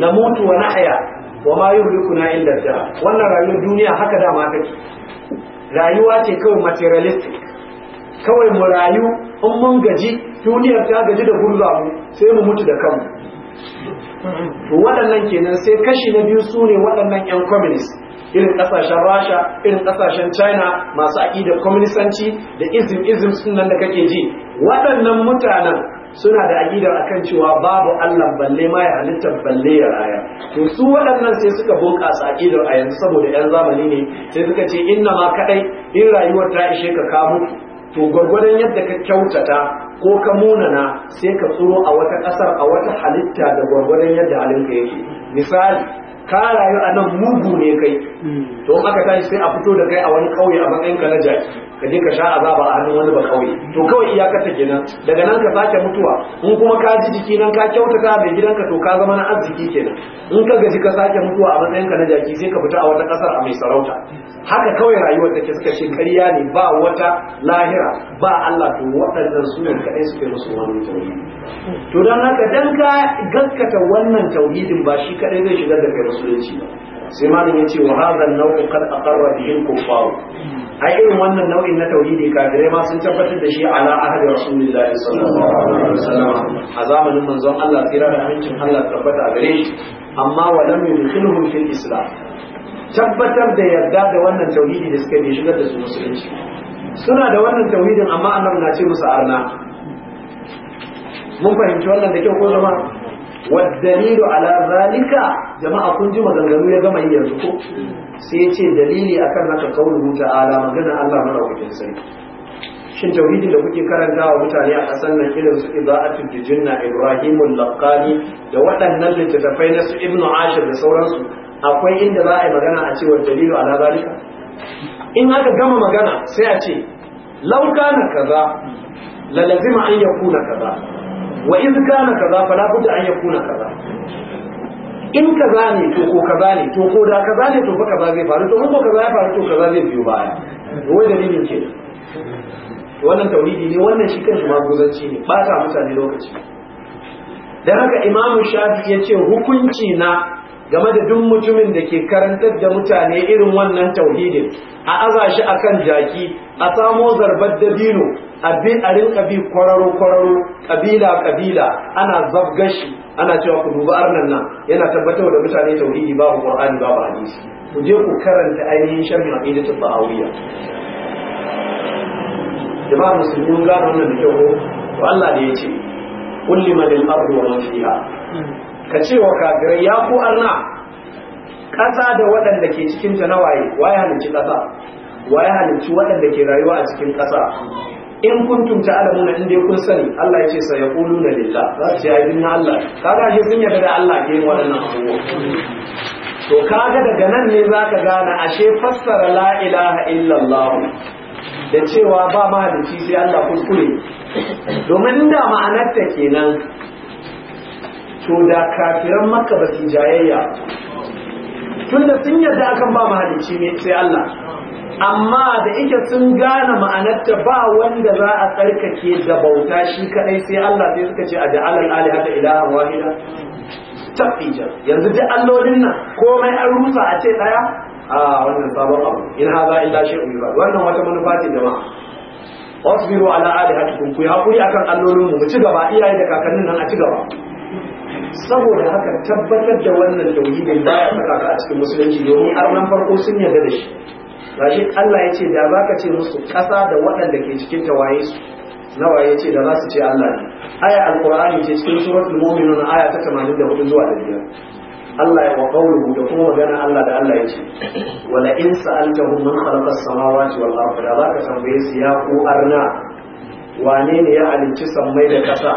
na mutu wa nahya wa ma na illa da wannan rayuwar duniya haka da dama take rayuwa ce kawai materialistic kawai mu rayu in mun gaji duniyar ta gaji da gurza mu sai mu mutu da kanmu waɗannan kenan sai kashi na biyu su ne waɗannan 'yan communist irin ƙasashen rasha irin ƙasashen china masu aƙidar kwaminisanci da izm izm sunan da kake ji waɗannan mutanen suna da aƙidar akan cewa babu Allah balle ma ya halitta balle ya raya to su waɗannan sai suka bunƙasa agidar a yanzu saboda yan zamani ne sai suka ce inna ma kaɗai in rayuwar ta ishe ka kamu. to gwargwadon yadda ka kyautata ko ka munana sai ka tsoro a wata ƙasar a wata halitta da gwargwadon yadda halinka yake misali ka rayu a nan mugu ne kai to aka tashi sai a fito da kai a wani ƙauye a matsayinka na jaki ka je ka sha azaba a hannun wani ba kauye to kawai iyakarta kenan daga nan ka sake mutuwa in kuma ka ji jiki nan ka kyautata mai gidanka to ka zama na arziki kenan in ka gaji ka sake mutuwa a matsayin ka na jaki sai ka fita a wata kasar a mai sarauta haka kawai rayuwar take suka shi kariya ne ba wata lahira ba Allah to waɗannan sunan kaɗai suke musu wani tauhidi to dan haka dan ka gaskata wannan tauhidin ba shi kaɗai zai shigar da kai musulunci ba sai malam ya ce wa hadha an-naw'u qad aqarra bihi al-kuffar ai irin wannan nau'in na tauhidi kafirai ma sun tabbatar da shi ala ahli rasulullahi sallallahu alaihi wasallam a zamanin manzon Allah tsira da amincin Allah tabbata a gare shi amma wa lam yudkhiluhum fil islam tabbatar da yarda da wannan tauhidi da suka yi shigar da su musulunci suna da wannan tauhidin amma Allah na ce musu arna mun fahimci wannan da kyau ko jama'a والدليل على ذلك جماعة كن جمع غنغنو يا جماعة يرزقو سيتي دليلي أكن هكا قوله تعالى مغنى الله من أوجه سيد shin tauhidin da kuke karanta wa mutane a kasan nan irin su idza'atul jinna da waɗannan littattafai na su ibnu ashir da sauransu akwai inda za a yi magana a cewa dalilu ala zalika in aka gama magana sai a ce lauka na kaza la lazima an yakuna kaza wa iz kana kaza fa labudda an yakuna kaza in kaza ne to ko kaza ne to ko da kaza ne to fa kaza zai faru to mun ko kaza ya faru to kaza zai biyo baya wai dalilin ke wannan tauhidi ne wannan shi kanshi magozanci ne ba ta mutane lokaci dan haka imamu shafi ya ce hukunci na game da duk mutumin da ke karantar da mutane irin wannan tauhidin a aza shi akan jaki a samo zarbar dabino a bi a rinka bi kwararo kwararo kabila kabila ana zabgashi ana cewa ku duba arnan nan yana tabbatar da mutane tauhidi ba ku qur'ani ba ba hadisi ku je ku karanta ainihin sharhin aqidatul ba'awiyya jama'a musulmi gano wannan da kyau ko Allah da yace kulli man al-ardu wa man fiha hmm. ka ce wa kafirai ya ku arna ƙasa da waɗanda ke cikin ta nawaye waye halicci ƙasa waye halicci waɗanda ke rayuwa a cikin ƙasa in kuntum alamu in inda kun sani Allah ya ce sa yaquluna lillah za su ce yi na Allah Ka ga shi sun yarda da Allah ke waɗannan abubuwa to kaga daga nan ne za ka gane ashe fassara la ilaha illallah da cewa ba ma da sai Allah kuskure domin da ma'anarta kenan to da kafiran maka ba su jayayya tun da sun yarda akan ba mahalicci ne sai Allah amma da ike sun gane ma'anarta ba wanda za a tsarkake da bauta shi kadai sai Allah sai suka ce a ja'alal alihata ilaha wahida tafija yanzu duk allolin nan komai an rusa a ce daya a wannan sabon abu in haza illa shay'un yura wannan wata manufa ce jama'a biro ala alihatikum ku yi hakuri akan allolin mu mu ci gaba iyaye da kakannin nan a ci gaba saboda haka tabbatar da wannan ba baya faɗa a cikin musulunci domin arnan farko sun yarda da shi gashi Allah ya ce da za ka ce musu ƙasa da waɗanda ke cikin tawaye su nawa ya ce da za su ce Allah ne aya alqur'ani ce cikin suratul mu'minun aya ta 84 zuwa 100 Allah ya qawluhu da kuma magana Allah da Allah ya ce wala in sa'altahum man khalaqa as-samawati wal arda la ka tambaye su ya ku arna wane ya halicci sammai da ƙasa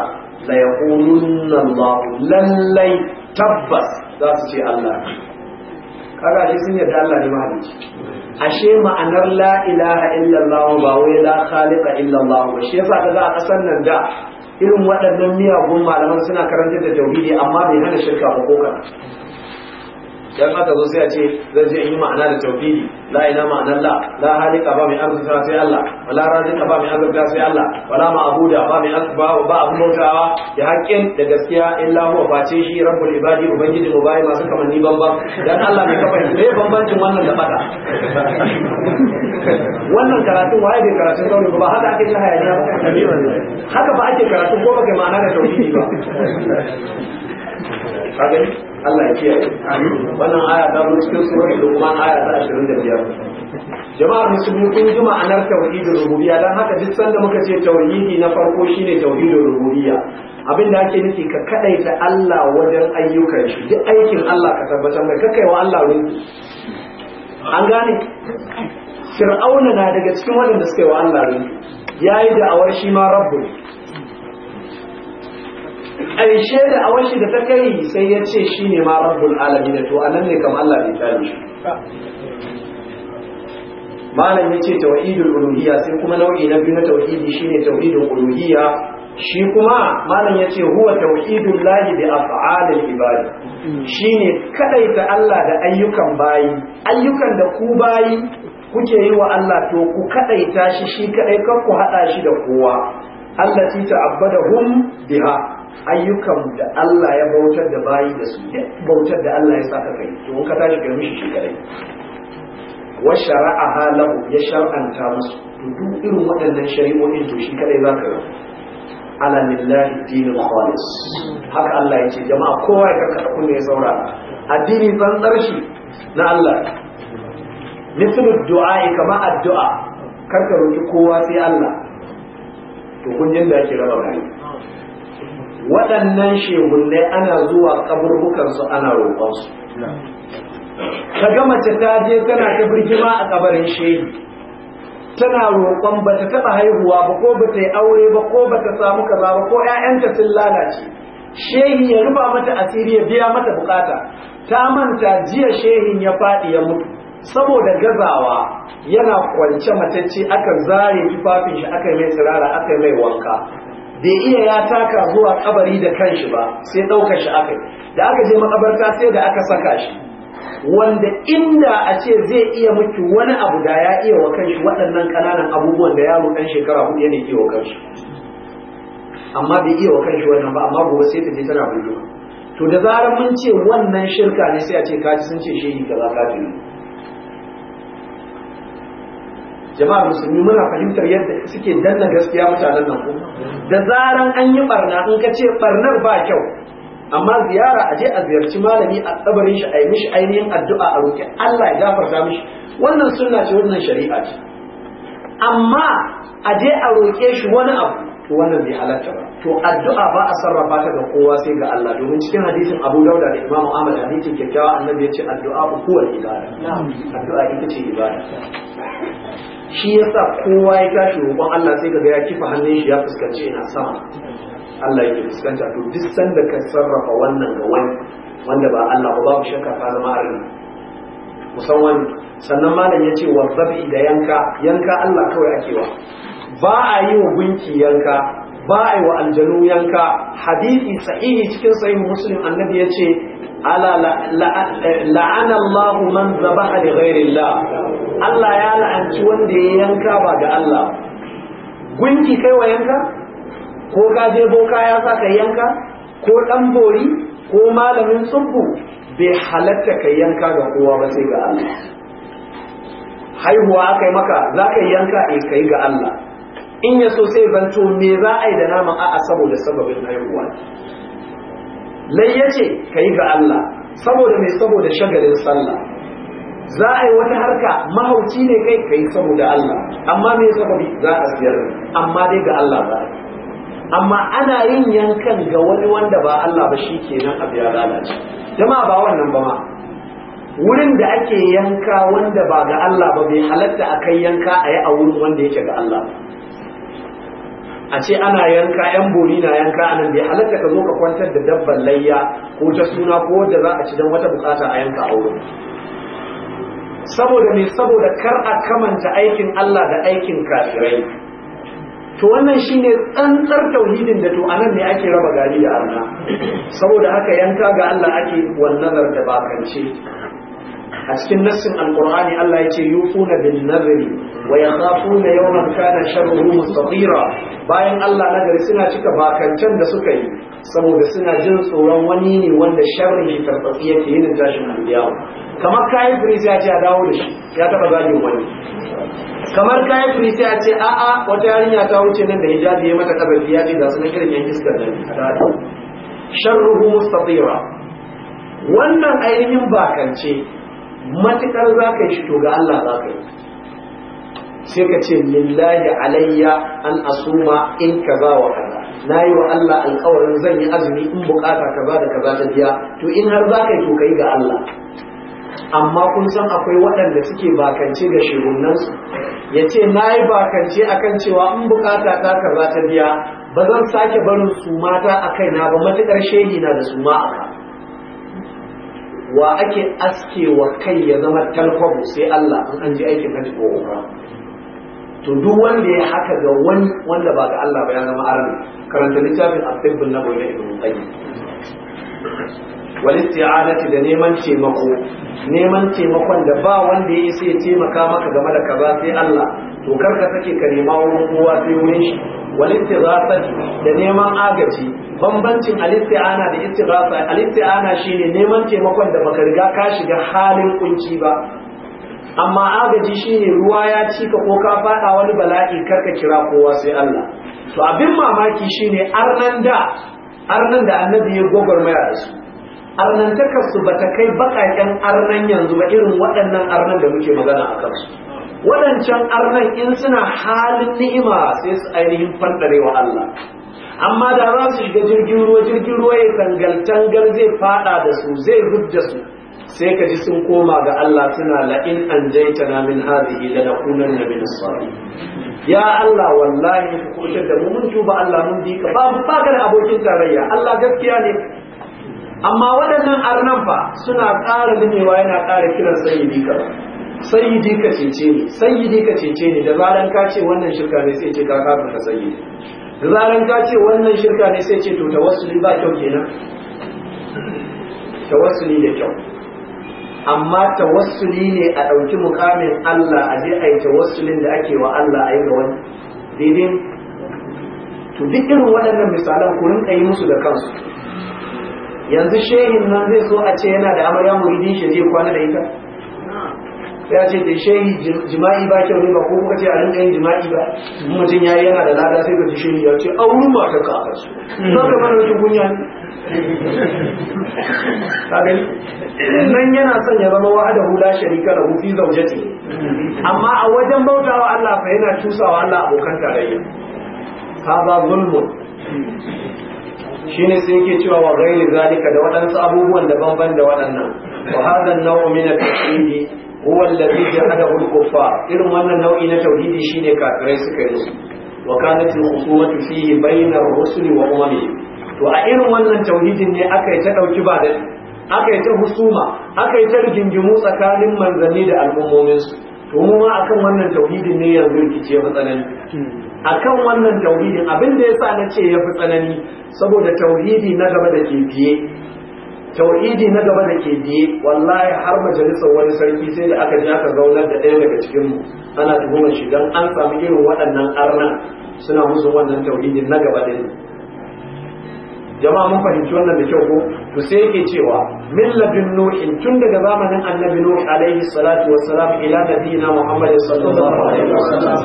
la yaqulunna Allah lallai tabbas za su ce Allah kaga dai sun yarda Allah ne mahalicci ashe ma'anar la ilaha illallah ba wai la khaliqa illallah ba shi yasa kaga a kasan nan da irin waɗannan miyagun malaman suna karanta da tauhidi amma bai hana shirka ba ko kana dan haka zo sai a ce zan je in yi ma'ana da tauhidi la ina ma'anar la la halika ba mai arzuta sai Allah wala razika ba mai arzuta sai Allah wala ma'buda ba mai ba ba abun bautawa da haƙƙin da gaskiya illa huwa face shi rabbul ibadi ubangiji mu bai masu kamar ni bamban dan Allah bai kafa me bambancin wannan da bada wannan karatu waye bai karatu kawai ba haka ake ta hayaniya ba haka ba ake karatu ko ba kai ma'ana da tauhidi ba ka Allah ya kiyaye wannan aya ta zo cikin sunan Luqman aya ta 25 jama'a musulmi kun ji ma'anar tauhidin rububiyya dan haka duk sanda muka ce tauhidi na farko shine tauhidin rububiyya abin da ake nufi ka kadaita Allah wajen ayyukan shi duk aikin Allah ka tabbatar mai kakai wa Allah ne an gane Fir'auna na daga cikin waɗanda suka yi wa Allah ne yayi da awar shi ma rabbu ƙarshe da a washe da ta kai sai ya ce shi ne ma rabbul alamin to nan ne kamar Allah bai tare shi malam ya ce tauhidul uluhiyya sai kuma nau'i na biyu na tauhidi shine tauhidul uluhiyya shi kuma malam ya ce huwa tauhidul lahi bi af'alil ne shine ta Allah da ayyukan bayi ayyukan da ku bayi kuke yi wa Allah to ku ta shi shi kadai kar ku hada shi da kowa Allah allati ta'abbadahum biha ayyukan da Allah ya bautar da bayi da su bautar da Allah ya saka kai to in ka tashi ka mishi shi kadai wa shara'aha lahu ya shar'anta musu to duk irin waɗannan shari'o'in to shi kadai zaka yi ala lillahi dinul khalis haka Allah ya ce jama'a kowa ya karkata kunne ya saura. addini ban tsarshi na Allah mithlu du'a kama addu'a karka roki kowa sai Allah to kun yanda yake raba gari waɗannan shehunnai ana zuwa kaburbukansu ana roƙonsu ka gama mace ta je tana ta birgima a kabarin shehi tana roƙon ba ta taɓa haihuwa ba ko ba ta yi aure ba ko ba ta samu kaza ba ko 'ya'yanta sun lalace shehi ya ruba mata asiri ya biya mata bukata ta manta jiya shehin ya faɗi ya mutu saboda gazawa yana kwance matacce aka zare tufafin shi aka mai tsirara aka mai wanka bai iya ya taka zuwa kabari da kanshi ba sai ɗaukar shi aka da aka je makabarta sai da aka saka shi wanda inda a ce zai iya miki wani abu da ya iya wa kanshi waɗannan ƙananan abubuwan da yaro ɗan shekara hudu yana iya wa kanshi amma bai iya wa kanshi wannan ba amma gobe sai ta je tana bullo to da zarar mun ce wannan shirka ne sai a ce kaji sun ce shehi kaza kafiri jama'ar musulmi muna fahimtar yadda suke danna gaskiya mutanen nan ko da zaran an yi barna in ka ce barnar ba kyau amma ziyara aje a ziyarci malami a tsabarin shi a yi mishi ainihin addu'a a roƙi Allah ya gafarta mishi wannan sunna ce wannan shari'a ce amma aje a roƙe shi wani abu to wannan bai halatta ba to addu'a ba a sarrafa ta ga kowa sai ga Allah domin cikin hadisin Abu Dawud da Imam Ahmad hadisin kyakkyawa annabi ya ce addu'a huwal ibada addu'a ita ce ibada shi yasa kowa ya tashi roƙon Allah sai ga ya kifa hannun shi ya fuskanci ina sama Allah yake fuskanta to duk sanda ka sarrafa wannan ga wani wanda ba Allah ba babu shakka ka zama arin musamman sannan malam ya ce wa da yanka yanka Allah kawai akewa ba a yi wa gunki yanka ba wa aljanu yanka hadisi sahihi cikin sahihu muslim annabi ya ce la'ana Allah man zabaha li ghairi Allah ya la'anci wanda ya yanka ba ga Allah gunki kai wa yanka ko ka je boka ya sa ka yanka ko dan bori ko malamin tsubbu bai halatta kai yanka ga kowa ba sai ga Allah haihuwa aka maka za yanka e eh, kai ga Allah in ya so sai zanto me za a yi da naman a'a saboda sababin haihuwa lai ya ce ka yi ga Allah saboda mai saboda shagalin sallah za a yi wata harka mahauci ne kai ka yi saboda Allah amma me sababi za a siyar amma dai ga Allah za a amma ana yin yankan ga wani wanda ba Allah ba shi kenan abu ya lalace jama'a ba wannan ba ma wurin da ake yanka wanda ba ga Allah ba bai halatta a kai yanka a yi a wurin wanda yake ga Allah a ce ana yanka yan bori na yanka anan bai halatta ka zo ka kwantar da dabban layya ko ta suna ko da za a ci don wata bukata a yanka a wurin saboda me saboda kar a kamanta aikin Allah da aikin kafirai to wannan shine tsantsar tauhidin da to anan ne ake raba gari da Allah saboda haka yanka ga Allah ake wannan da bakance a cikin nassin alkur'ani Allah ya ce yufuna bin nazari wa yakhafuna yawman kana sharruhu mustatira bayan Allah nagari suna cika bakancan da suka yi saboda suna jin tsoron wani ne wanda sharri ne karfafi yake yin tashin alƙiyama kamar kayan firisi ya ce a dawo da shi ya taɓa zagin wani kamar kayan firisi ya ce a'a wata yarinya ta wuce nan da hijabi ya mata kabari ya ce ga sunan kiran yan iskar da sharruhu mustatira wannan ainihin bakance matukar za ka yi shi to ga Allah za ka yi sai ka ce lillahi alayya an asuma in za wa kaza na yi wa Allah alkawarin zan yi azumi in bukata ba da ka za ta biya to in har za ka yi to yi ga Allah amma kun san akwai waɗanda suke bakance ga shirunansu ya ce na yi bakance a kan cewa in bukata ta za ta biya ba zan sake barin su mata a kaina ba matukar shehi na da su ma a wa ake aske wa kai ya zama talfabu sai Allah in an ji aikin hajji ko umra to duk wanda ya haka ga wani wanda ba ga Allah ba ya zama arni karanta littafin at nabawi na ibn qayyim walisti'anati da neman taimako neman taimakon da ba wanda ya isa ya taimaka maka game da kaza sai Allah to karka sake ka nema wurin kowa sai wurin shi walistighasati da neman agaji bambancin alisti'ana da istighasa alisti'ana shine neman taimakon da baka riga ka shiga halin kunci ba amma agaji shine ruwa ya cika ko ka fada wani bala'i karka kira kowa sai Allah to abin mamaki shine arnan da arnan da annabi ya gwagwarmaya da su arnantakarsu ba ta kai baƙaƙen arnan yanzu ba irin waɗannan arnan da muke magana a kansu waɗancan arnan in suna halin ni'ima sai su ainihin fardare wa Allah amma da za su shiga jirgin ruwa jirgin ruwa ya tangal-tangal zai fada da su zai rubda su sai ka ji sun koma ga Allah suna la'in an ta namin hadhihi da kunan na sari ya Allah wallahi ku kubutar da mu mun tuba Allah mun bi ka ba ba ka da abokin tarayya Allah gaskiya ne amma waɗannan arnan fa suna ƙara limewa yana ƙara kiran sayyidi ka sayyidi ka cece ne, sayyidi ka cece ni da zaran ka ce wannan shirka ne sai ce ka kafin ka sayyidi da zaran ka ce wannan shirka ne sai ce to tawassuli ba kyau kenan tawassuli da kyau amma tawassuli ne a ɗauki mukamin Allah a je a yi tawassulin da ake wa Allah a yi ga wani daidai to duk irin waɗannan misalan ku rinka yi musu da kansu yanzu shehin nan zai so a ce yana da amarya muridi shi zai kwana da ita ya ce da shehi jima'i ba kyau ne ba ko kuka ce a rinka yin jima'i ba mutum ya yi yana da lada sai ka ji shehi ya ce a wurin ta ka a su ba ka fara wata kunya gani. nan yana son ya zama wa da hula sharika da hufi zaujati amma a wajen bautawa Allah fa yana tusawa Allah abokan tarayya ba zulmun shine sai ke cewa wa gairi zalika da waɗansu abubuwan daban-ban da waɗannan wa hadha an-naw'u min at-tauhid huwa alladhi ja'alahu al irin wannan nau'i na tauhidi shine kafirai suka yi wa kanat al-khusumatu fihi bayna ar-rusul wa umami to a irin wannan tauhidin ne aka yi ta dauki ba da aka yi ta husuma aka yi ta rigingimu tsakanin manzanni da al'ummominsu to ma akan wannan tauhidin ne yanzu rikici ya fi tsanani akan wannan tauhidin abin da yasa na ce ya fi tsanani saboda tauhidi na gaba da ke biye tauhidi na gaba da ke biye wallahi har majalisar wani sarki sai da aka ji aka zaunar da ɗaya daga cikin mu ana tuhumar shi dan an samu irin waɗannan arna suna musu wannan tauhidin na gaba da ne jama'a mun fahimci wannan da kyau ko to sai yake cewa milladun nuhin tun daga zamanin annabi nuh alaihi salatu wassalam ila nabiyina muhammad sallallahu alaihi wasallam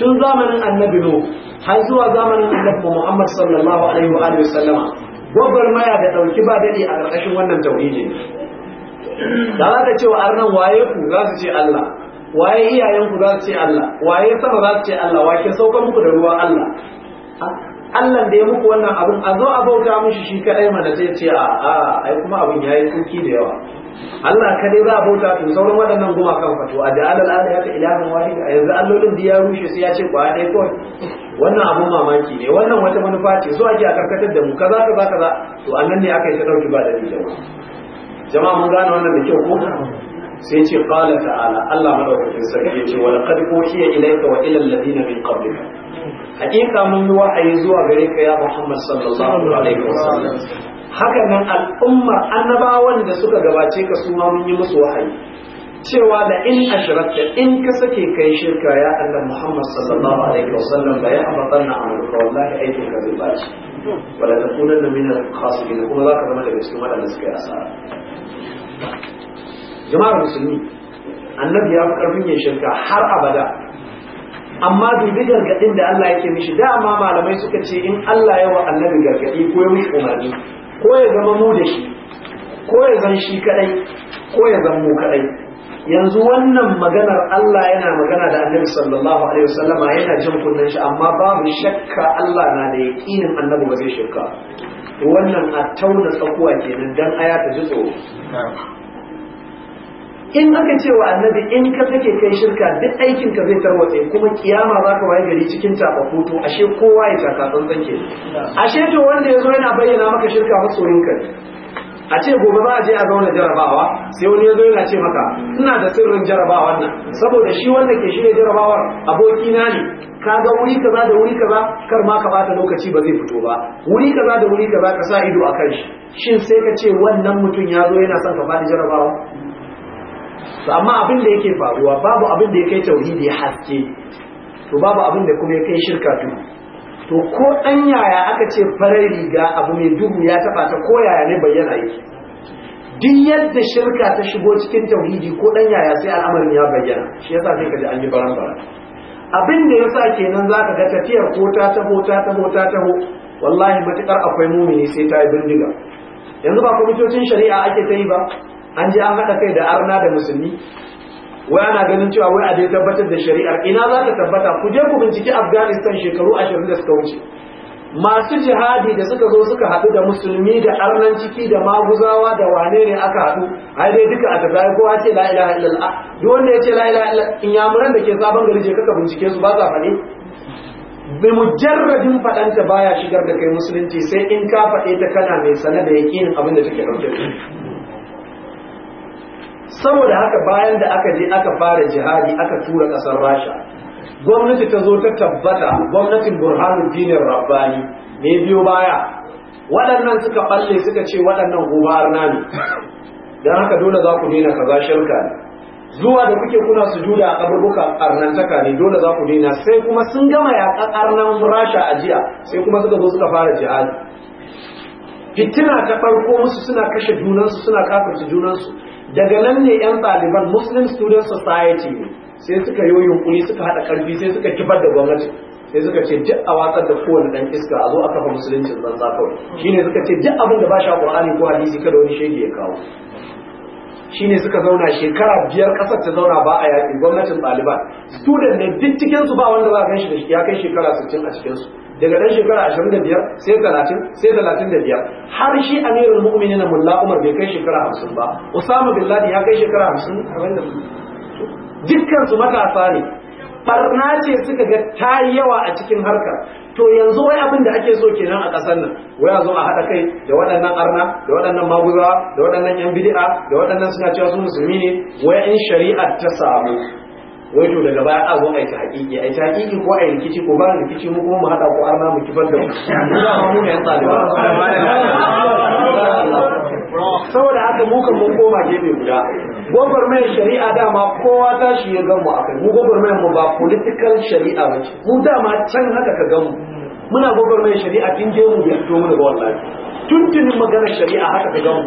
tun zamanin annabi nuh har zuwa zamanin annabi muhammad sallallahu alaihi wa alihi wasallama gwagwarmaya da dauki ba dadi a ƙarƙashin wannan tauhidi da za ta cewa arnan waye ku za su ce Allah waye iyayen ku za su ce Allah waye sama za su ce Allah wake saukan muku da ruwa Allah Allah da ya muku wannan abin a zo a bauta mishi shi kadai mana zai ce a a ai kuma abin yayi tsuki da yawa Allah kadai za a bauta to sauran waɗannan gumakan fa to a da Allah Allah ya ta ilahin wahid a yanzu allolin da ya rushe sai ya ce kwa dai ko wannan abun mamaki ne wannan wata manufa ce zuwa ake a karkatar da mu kaza kaza kaza to annan ne aka yi ta dauki ba da jama'a jama'a mun gane wannan da kyau ko sai ce qala ta'ala Allah madaukakin sarki yace wa laqad uhiya ilayka wa ila alladhina min qablika hakika mun yi wa'ayi zuwa gare ka ya Muhammad sallallahu alaihi wasallam haka nan al'umma annabawan da suka gabace ka su ma mun yi musu wahayi cewa da in ashrakta in ka sake kai shirka ya Allah Muhammad sallallahu alaihi wasallam ba ya abadanna amaluka wallahi aikin ka zai baci wala takunanna min al-khasirin kuma zaka zama daga cikin wadanda suka yi asara jama'ar musulmi annabi ya fi karfin ya shirka har abada amma dubi gargadin da Allah yake mishi dama malamai suka ce in Allah ya wa annabi gargadi ko ya mishi umarni ko ya zama mu da shi ko ya zan shi kadai ko ya zan mu kadai yanzu wannan maganar Allah yana magana da annabi sallallahu alaihi wasallama yana jin kunnan shi amma babu shakka Allah na da yaqinin annabi ba zai shirka wannan a tauna tsakuwa kenan dan aya ta ji tsoro in aka ce wa annabi in ka take kai shirka duk aikin ka zai tarwatse kuma kiyama za ka waye gari cikin tabaku ashe kowa ya taka tsantsan ke ashe to wanda ya zo yana bayyana maka shirka masoyin ka a ce gobe ba a je a zauna jarabawa sai wani ya zo yana ce maka ina da sirrin jarabawan nan saboda shi wanda ke shirya jarabawar abokina ne ka ga wuri kaza da wuri kaza kar ma ka bata lokaci ba zai fito ba wuri kaza da wuri kaza ka sa ido a kan shi shin sai ka ce wannan mutum ya zo yana son ka bada jarabawa to amma abin da yake faruwa babu abin da ya kai tauhidi haske to babu abin da kuma ya kai shirka duhu to ko dan yaya aka ce farar riga abu mai duhu ya taba ta ko yaya ne bayyana yake duk yadda shirka ta shigo cikin tauhidi ko dan yaya sai al'amarin ya bayyana shi yasa sai kaje an yi baran baran abin da yasa kenan zaka ga tafiyar ko ta taho ta taho ta taho wallahi matukar akwai mumini sai ta yi bindiga yanzu ba kwamitocin shari'a ake ta yi ba an ji an haɗa kai da arna da musulmi wai ana ganin cewa wai a dai tabbatar da shari'ar ina za ta tabbata ku je ku binciki afghanistan shekaru ashirin da suka wuce masu jihadi da suka zo suka haɗu da musulmi da arnan ciki da maguzawa da wane ne aka haɗu ai dai duka a zai kowa ce la ilaha illallah duk wanda ya ce la ilaha illallah inyamuran da ke sabon gari je kaka bincike su ba za sa faɗi bi mujarradin faɗanta baya shigar da kai musulunci sai in ka faɗe ta kana mai sana da yaƙinin abin da take ɗauke saboda haka bayan da aka je aka fara jihadi aka tura kasar rasha gwamnati ta zo ta tabbata gwamnatin burhanuddin rabbani ne biyo baya waɗannan suka balle suka ce waɗannan na ne don haka dole za ku daina kaza shirka ne zuwa da kuke kuna su juda a kaburbuka arnantaka ne dole za ku daina sai kuma sun gama yaƙar arnan rasha a jiya sai kuma suka zo suka fara jihadi fitina ta farko musu suna kashe junansu suna kafarta junansu daga nan ne yan ɗaliban muslim student society ne sai suka yi yunkuri suka haɗa ƙarfi sai suka kifar da gwamnati sai suka ce duk a watsar da kowane ɗan iska a zo a kafa musulunci zanza kawai shine suka ce duk abin da ba shi a ƙur'ani ko hadisi kada wani shege ya kawo shine suka zauna shekara biyar ƙasar ta zauna ba a yaƙi gwamnatin ɗaliban student ne duk cikinsu ba wanda ba a gan shi da ya kai shekara sittin a cikinsu daga ɗan shekara ashirin da biyar sai talatin sai talatin da biyar har shi amirul mu'minin mulla umar bai kai shekara hamsin ba usama bin Ladi ya kai shekara hamsin dukkan su matasa ne barna ce suka ga ta yawa a cikin harka. to yanzu wai abin da ake so kenan a ƙasar nan wai a zo a haɗa kai da waɗannan arna da waɗannan maguzawa da waɗannan yan bid'a da waɗannan suna cewa su musulmi ne wai in shari'a ta samu wai to daga baya a zo mai hakiki ai hakiki ko ai rikici ko ba rikici mu kuma mu hada ko arma mu kifar da mu ba mu ne yasa saboda haka mu kan mun koma gefe guda gobar mai shari'a dama kowa shi ya gamu akai mu gobar mai mu ba political shari'a ba ce mu dama can haka ka gamu muna gobar mai shari'a tun je mu bai to mu daga wallahi tuntunin magana shari'a haka ka gamu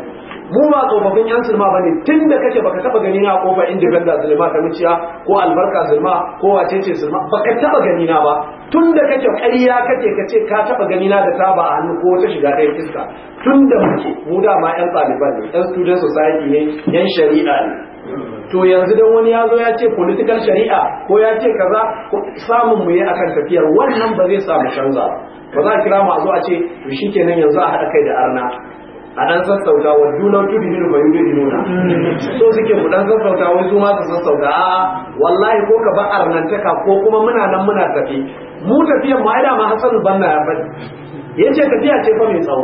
mu ba tsofaffin yan sinima ba ne tun da kake baka taba gani na ko inda independent silma ta muciya ko albarka silma ko wace ce sinima baka taba gani na ba tun da kake ƙarya kake kace ka taba gani na da taba a hannu ko wata shiga ɗaya fiska tun da muke mu da ma yan ɗaliban ne yan student society ne yan shari'a ne to yanzu dan wani ya zo ya ce political shari'a ko ya ce kaza samun mu yi akan tafiyar wannan ba zai samu canza ba za a kira mu a zo a ce shi kenan yanzu a haɗa kai da arna a dan sassauta wa dunan tudu ne ba yudu ne nuna so suke mu dan sassauta wai su ma su sassauta a'a wallahi ko ka ba arnantaka ko kuma muna nan muna tafi mu tafiya ma ida ma hasan banna ya faɗi yace tafiya ce fa mai tsawo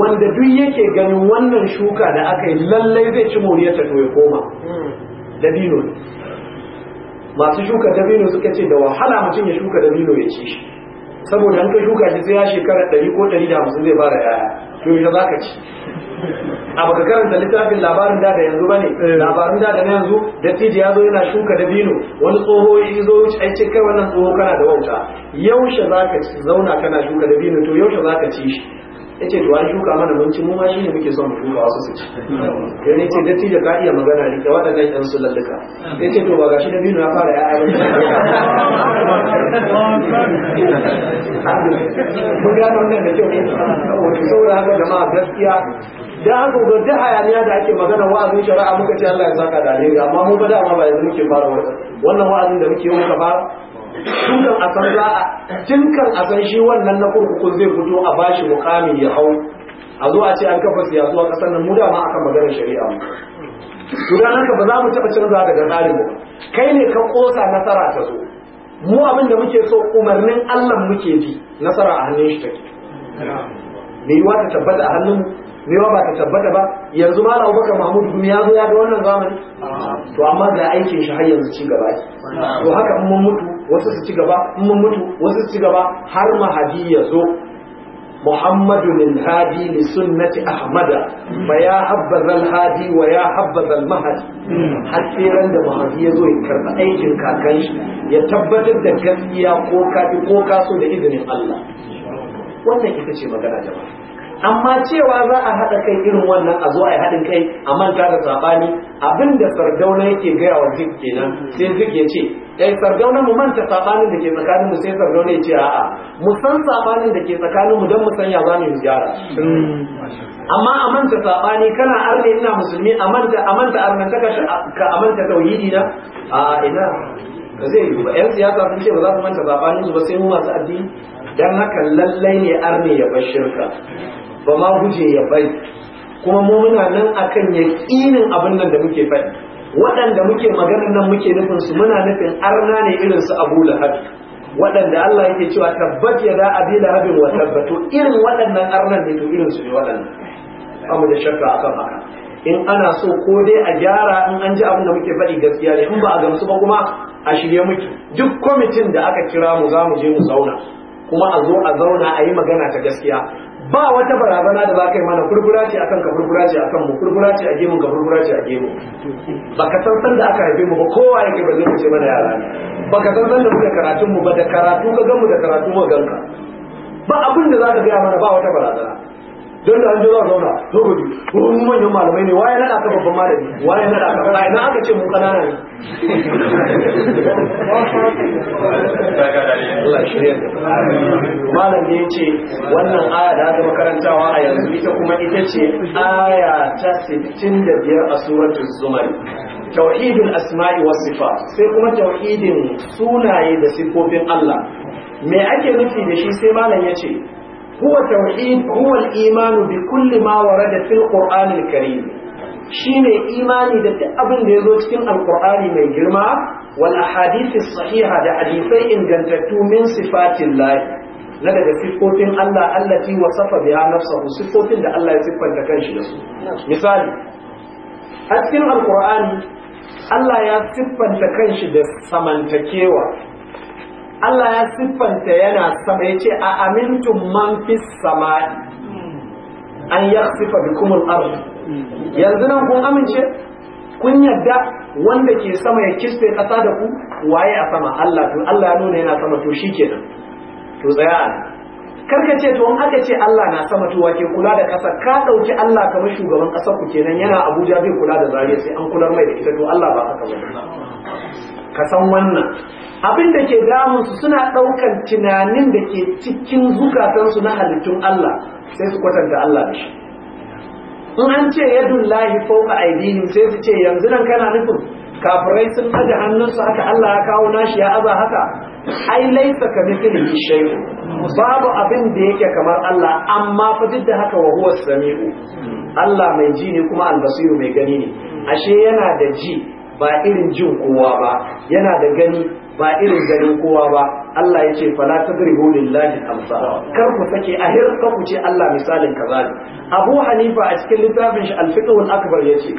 wanda duk yake ganin wannan shuka da aka yi lallai zai ci ta to ya koma dabino ne masu shuka dabino suka ce da wahala mutum ya shuka dabino ya ci shi saboda an ka shuka shi sai ya shekara ɗari ko ɗari da hamsin zai fara yaya to yaushe za ka ci a baka karanta littafin labarin da da yanzu bane eh. labarin da da na yanzu dattijo ya zo yana shuka da bino wani tsoho ya zo wuce ai ce kai wannan tsoho kana da wauta yaushe za ka ci zauna kana shuka da bino to yaushe za ka ci shi ya ce duwa shuka mana mun ci mu ma shi ne muke son mu shuka wasu su ci ya ne da dattijo ka iya magana rike waɗannan ɗan su lalluka ya ce to ba gashi na biyu na fara ya'ya ba mun gano wannan da kyau wato saboda haka jama'a gaskiya da haka ga duk hayaniya da ake magana wa'azin shari'a muka ce Allah ya saka da alheri amma mu ba da ma ba yanzu muke fara wannan wa'azin da muke yi muka fara Dukan a san za a tinkan a san shi wannan na kurkukun zai fito a bashi mukami ya hau a zuwa ce an kafa siyasa a kasar nan mu ma akan maganar shari'a mu to dan haka ba za mu taba canza daga tsarin ba. kai ne ka kosa nasara ta zo mu abin da muke so umarnin Allah muke bi nasara a hannun shi take me yiwa ta tabbata a hannun ne ba ka tabbata ba yanzu ma na abubakar mahmud gumi ya zo ya ga wannan zamani to amma ga aikin shi har yanzu ci gaba to haka in mun mutu wasu su ci gaba mun mutu wasu su ci gaba har mahadi ya zo muhammadu min hadi li sunnati ahmada fa ya habbaza al hadi wa ya habbaza al har sai randa mahdi ya zo ya karba aikin kakan shi ya tabbatar da gaskiya ko kafi ko da izinin Allah wannan ita ce magana jama'a amma cewa za a haɗa kai irin wannan a zo a yi haɗin kai a manta da saɓani abinda sardauna yake gaya wa zik kenan sai zik ya ce ɗai eh, sardauna mu manta saɓanin da ke tsakanin mu sai sardauna ya ce a'a mu san saɓanin da ke tsakanin mu don mu sanya za mu yi gyara amma a manta saɓani kana arne ina musulmi a manta a manta kashi ka a manta tauhidi na a ina ba zai yi ba yan siyasa sun ce ba za su manta saɓanin su ba sai mu masu addini dan haka lallai ne arne ya bar shirka ba ma guje ya bari kuma mu muna nan akan yaƙinin abin nan da muke faɗi waɗanda muke maganar nan muke nufin su muna nufin arna ne irin su Abu Lahab waɗanda Allah yake cewa tabbat ya da abi lahabin wa tabbato irin waɗannan arnan ne to irin su ne waɗannan abu da shakka akan haka in ana so ko dai a gyara in an ji abin da muke faɗi gaskiya ne in ba a gamsu ba kuma a shirye muke duk kwamitin da aka kira mu za mu je mu zauna kuma a zo a zauna a yi magana ta gaskiya ba wata barazana da za ka yi mana kurkura ce akan ka kurkura ce akan mu kurkura ce a gemu, ka kurkura ce a gemu ba ka san san da aka haife mu ba kowa yake ba zai ce mana yara ba ka san san da muka karatun mu ba da karatu ka gamu da karatu ga ganka ba abin da za ka gaya mana ba wata barazana don da an jira zauna zo ku ji mun manyan malamai ne waye nada ka babban malami waye nada ka ba ina aka ce mu kanana ne malam ne ce wannan aya da aka makarantawa a yanzu ita kuma ita ce aya ta 65 a suratul zumar tauhidul asma'i was sifat sai kuma tauhidin sunaye da sifofin Allah me ake nufi da shi sai malam ya ce هو توحيد هو الإيمان بكل ما ورد في القرآن الكريم شين إيماني دا تأبن بيزوج كن القرآن من جرما والأحاديث الصحيحة دا حديثي إن جنتتو من صفات الله لدى صفوتين الله التي وصف بها نفسه صفوتين دا الله يصفا لكنش لسو مثال أتكن القرآن Allah ya siffanta kanshi da samantakewa Allah ya siffanta yana sama ya ce a amintun man fi sama'i an ya siffa bi kuma yanzu nan kun amince kun yadda wanda ke sama ya kiste kasa da ku waye a sama Allah to Allah ya nuna yana sama to shi kenan to tsaya karka ce to in aka ce Allah na sama to wake kula da ƙasa ka ɗauki Allah kamar shugaban ƙasar ku kenan yana Abuja zai kula da zariya sai an kular mai da ita to Allah ba haka ba ka san wannan abin da ke damunsu suna ɗaukar tunanin da ke cikin zukatansu na halittun Allah sai su kwatanta Allah da shi in an ce yadun lahi fauka aidini sai su ce yanzu nan kana nufin kafirai sun aje hannunsu haka Allah ya kawo nashi ya aza haka ai laisa ka mithlihi shay'un babu abin da yake kamar Allah amma fa duk da haka wa huwa samiu Allah mai ji ne kuma albasiru mai gani ne ashe yana da ji ba irin jin kowa ba yana da gani ba irin ganin kowa ba Allah ya ce fala tadribu lillahi amsa. kar ku sake a hirka ku ce Allah misalin kaza Abu Hanifa a cikin littafin shi al-fiqh al-akbar yace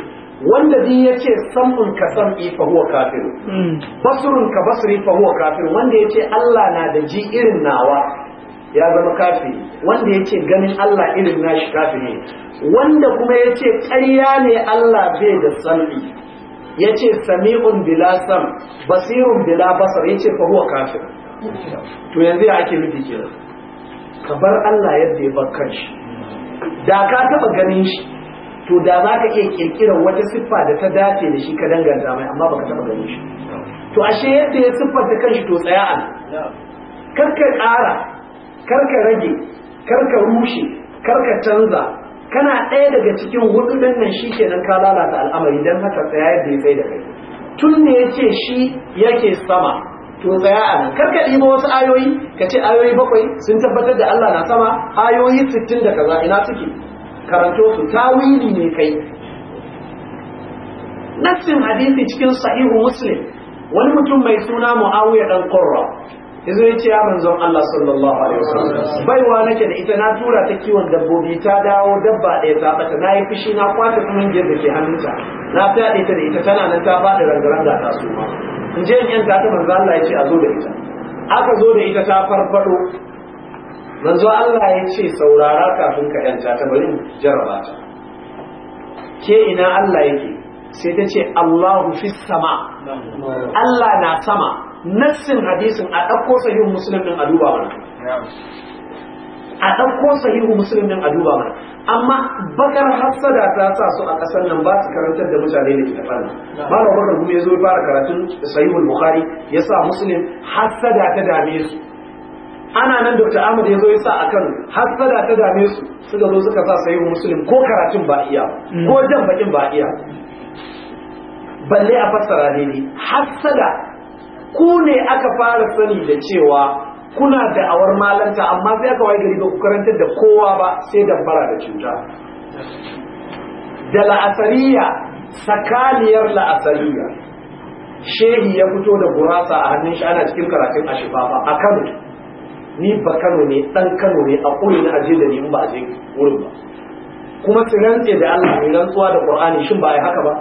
wanda din yace sam'un ka sam'i fa huwa kafir hmm. basrun ka basri fa huwa kafir wanda yace Allah na da ji irin nawa ya zama kafi wanda ya ce ganin Allah irin nashi ne. wanda kuma ya ce ƙarya ne Allah bai da sam'i yace sami'un bila sam basirun bila basar yace fa huwa kafir to yanzu ya ake nufi kenan ka bar Allah yadda ya bar shi. da ka taba ganin shi to da za ka iya kirkirar wata siffa da ta dace da shi ka danganta mai amma baka taba ganin shi to ashe yadda ya siffanta kanshi to tsaya a kar ka ƙara kar ka rage kar ka rushe kar ka canza kana ɗaya daga cikin hudu nan shi kenan ka lalata al'amari don haka tsaya yadda ya kai da kai tun ne ya ce shi yake sama to tsaya a nan karka ɗiba wasu ayoyi ka ce ayoyi bakwai sun tabbatar da Allah na sama ayoyi sittin da kaza ina suke karanto su tawili ne kai nassin hadisi cikin sahihu muslim wani mutum mai suna muawiya dan qurra yanzu ya ce ya manzon Allah sallallahu alaihi wasallam baiwa nake da ita na tura ta kiwon dabbobi ta dawo dabba ɗaya ta bata na yi fushi na kwata kungiyar da ke hannunta na fyaɗe ita da ita tana nan ta faɗi rangaranga ta su ma in je in yanta ta manzon Allah ya ce a zo da ita aka zo da ita ta farfado manzo Allah ya ce saurara kafin ka yanta ta bari jarraba ta ke ina Allah yake sai ta ce Allahu fis sama Allah na sama nassin hadisin a ɗauko sahihun musulun ɗin a duba mana a ɗauko sahihun musulun ɗin a duba mana amma bakar hassada ta sa su a ƙasar nan ba su karantar da mutane da ke fara ba da wannan kuma ya zo fara karatun sahihun bukhari ya sa musulun hassada ta dame su ana nan dr ahmad ya zo ya sa a kan hassada ta dame su suka zo suka sa sahihun musulun ko karatun ba iya ko jan bakin ba iya balle a fassara daidai hassada ku ne aka fara sani da cewa kuna da'awar malanta amma sai aka wai gari ba karantar da kowa ba sai damfara da cuta da la'asariya sakaliyar la'asariya shehi ya fito da gurasa a hannun shi ana cikin karatun ashifafa a kano ni ba kano ne dan kano ne a kuri na aje da ni ba aje wurin ba kuma su rantse da Allah mai rantsuwa da Qur'ani shin ba ai haka ba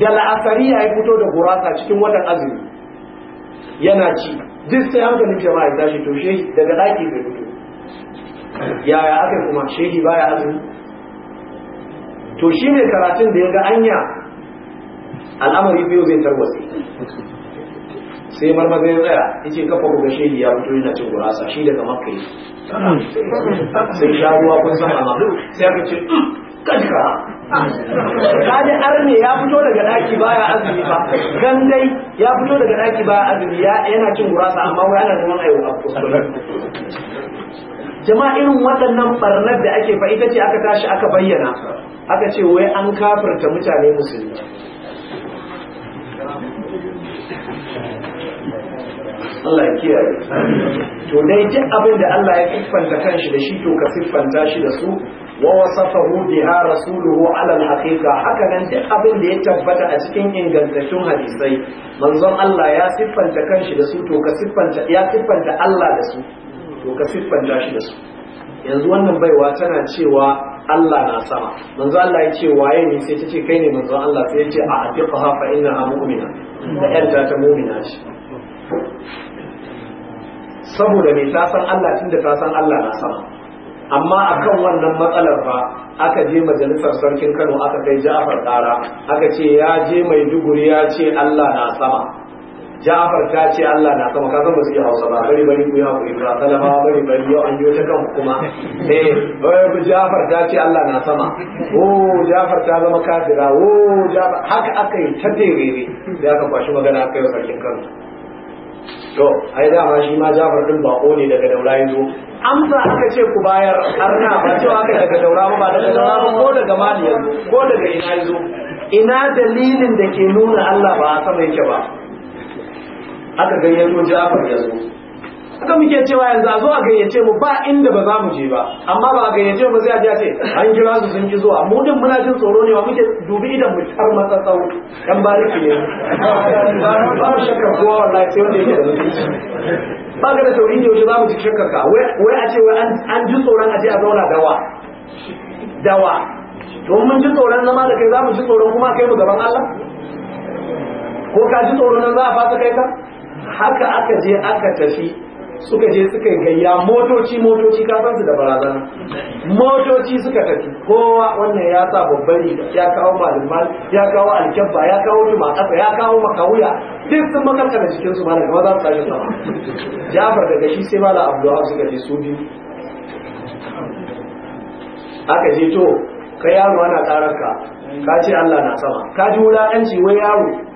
da la'asariya ya fito da gurasa cikin watan azumi yana ci duk sai hankalin jama'a ya tashi to shehi daga ɗaki bai fito yaya aka kuma shehi baya azumi to shi ne karatun da ya ga anya al'amari biyu zai tarwatsi sai marmaza ya tsaya ya ce kafa ku ga shehi ya fito yana cin gurasa shi daga makka yi sai sha ruwa kun san amma sai aka ce hmm, kajka kaji arne ya fito daga daki baya azumi ba gandai ya fito daga daki baya azumi yana cin gurasa amma wai ana neman ayo a jama'a irin waɗannan barnar da ake fa ita ce aka tashi aka bayyana aka ce wai an kafirta mutane musulmi Allah ya kiyaye to dai duk abin da Allah ya siffanta kanshi da shi to ka siffanta shi da su wa wasafahu biha rasuluhu ala alhaqiqa haka nan duk abin da ya tabbata a cikin ingantattun hadisai manzon Allah ya siffanta kanshi da su to ka siffanta ya siffanta Allah da su to ka siffanta shi da su yanzu wannan baiwa tana cewa Allah na sama manzo Allah ya ce waye ne sai ta ce kai ne manzo Allah sai ya ce a aqiqaha fa inna mu'mina da yanta ta mu'mina ce saboda mai ta san Allah tunda ta san Allah na sama amma akan wannan matsalar ba aka je majalisar sarkin Kano aka kai Ja'far ƙara aka ce ya je mai duguri ya ce Allah na sama Ja'far ta ce Allah na sama ka zama su yi Hausa ba bari bari ku ya ku ibra talaba bari bari yau an yi ta kan kuma eh eh Ja'far ta ce Allah na sama oh Ja'far ta zama kafira oh Ja'far haka aka yi ta tere ne da aka kwashi magana aka yi sarkin Kano to ai ma shi ma jafar din bako ne daga daura yanzu amsa aka ce ku bayar arna ba cewa aka daga daura ba ba daga daura ba ko daga mali yanzu ko daga ina yanzu ina dalilin da ke nuna Allah ba a sama yake ba aka gayyato jafar ya haka muke cewa yanzu a zo a gayyace mu ba inda ba za mu je ba amma ba a gayyace mu sai a ji a ce an kira su sun ki zuwa mu din muna jin tsoro ne wa muke dubi idan mu tar masa tsau dan bariki ne ba mu shakka kowa wallahi sai wanda yake da zuci ba ga da tauri ne ba mu ji shakka ka wai a ce wai an ji tsoron a ce a zauna dawa dawa to mun ji tsoron zama da kai za mu ji tsoron kuma kai mu gaban Allah ko ka ji tsoron nan za a fasa kai ka haka aka je aka tafi suka je suka gayya motoci motoci kafin su da barazana motoci suka tafi kowa wannan ya sa babban riga ya kawo malummal ya kawo alkyabba ya kawo juma kasa ya kawo makawuya duk sun makarka da jikinsu ma daga maza su sa jafar daga shi sai mala abdullahi suka je su biyu aka je to ka yaro ana tsarar ka ka ce allah na sama ka ji wulaƙanci wai yaro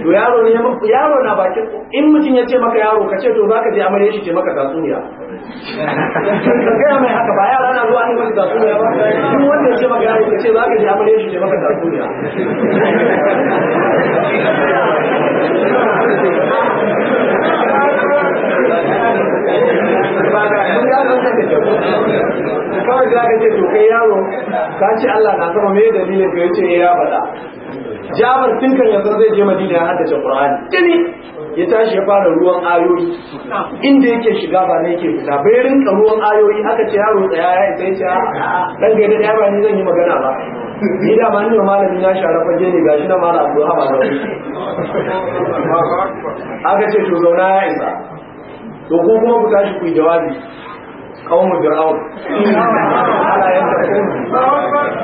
to yaro ne yaro na bakin in mutum ya ce maka yaro ka ce to zaka je amare shi ce maka tatsuniya ka gaya mai haka ba yara na zuwa ne maka tatsuniya ba duk wanda ya ce maka yaro ka ce zaka je amare shi ce maka tatsuniya kawai za ka ce to kai yaro ka ce Allah na sama me dalilin ka yace ya bada Jabar, tun yanzu zai je Madina ya haddace Qur'ani tuni ya tashi ya fara ruwan ayoyi inda yake shiga ba ne yake fita bai rinka ruwan ayoyi aka ce yaro tsaya ya sai ce dan gaida da ba ni zan yi magana ba ni da ba ni malami na shara faje ne gashi na mala Abdul Hamad aka ce to zauna ya isa to ko kuma ku tashi ku yi jawabi kawo fir'aun ala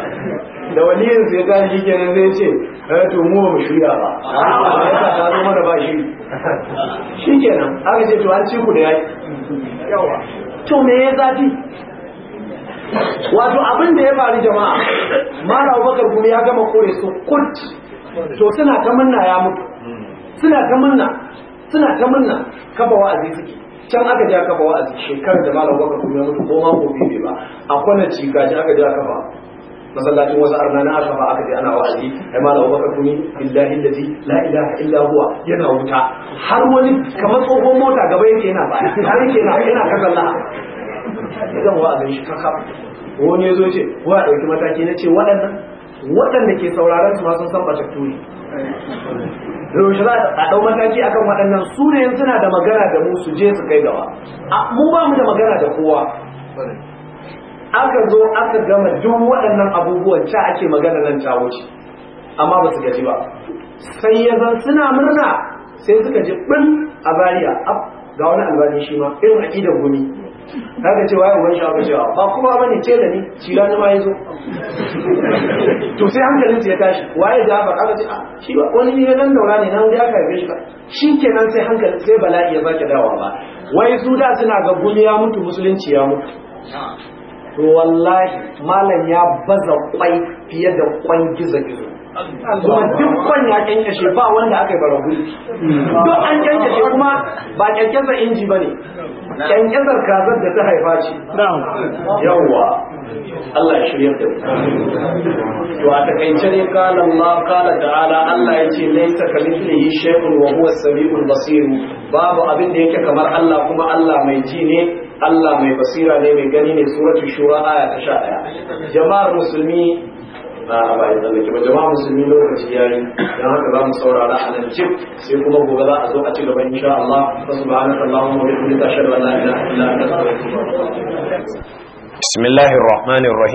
da wani yanzu ya tashi kenan zai ce eh to mu ba mu shirya ba ah. yasa ta zo mana ba shiri shikenan aka ce to an ci ku da yayi yawa to me ya zafi wato abin da ya faru jama'a mara bakar kuma ya gama kore su kut to suna ta munna ya mutu suna ta munna suna ta munna kafa wa'azi suke can aka ja kafa wa'azi shekarar da mara bakar kuma ya mutu ko ma ko bibe ba a kwana cika shi aka ja kafa masallacin wasu arna na ashafa aka je ana wa'azi ai malam baka kuni billahi allazi la ilaha illa huwa yana wuta har wani kamar tsohon mota gaba yake yana baya har yake yana yana kazalla idan wa'azin shi kaka wani ya zo ce wa dauki mataki na ce waɗannan waɗanda ke sauraron su ma sun san bata turi yaushe za a ɗau mataki akan waɗannan su ne suna da magana da mu su je su kai gaba mu ba mu da magana da kowa aka zo aka gama duk waɗannan abubuwan ca ake magana nan ta wuce amma ba su gaji ba sai ya zan suna murna sai suka ji bin a bariya ga wani albani shi ma irin aƙidar gumi kaga cewa yau wani shafa cewa ba kuma bane da ni, cila ni ma ya zo to sai hankalin ya tashi waye da ba kaga ce a shi ba wani ne nan daura ne nan ya aka haife shi ba shikenan sai hankalin sai bala'i ya zaki dawa ba wai su da suna ga gumi ya mutu musulunci ya mutu wallahi malam ya baza kwai fiye da kwan gizo gizo kuma duk kwan ya kyankyashe ba wanda aka yi bara duk an kyankyashe kuma ba kyankyasa inji ba ne kyankyasar kazar da ta haifa ce yawwa Allah ya shirya da to a takaice ne kala Allah da ala, Allah ya ce laisa kamithlihi shay'un wa huwa as-sami'ul basir babu abin da yake kamar Allah kuma Allah mai ji ne Allah mai basira ne mai gani ne suratul shura aya ta 11 jama'ar musulmi rana ba ya tsallake ba jama'a musulmi lokaci ya yi don haka za mu saurara a nan cif sai kuma gobe za a zo a ci gaba insha Allah wa subhanaka Allahumma wa bihamdika ashhadu an la ilaha illa anta astaghfiruka wa atubu ilaik bismillahir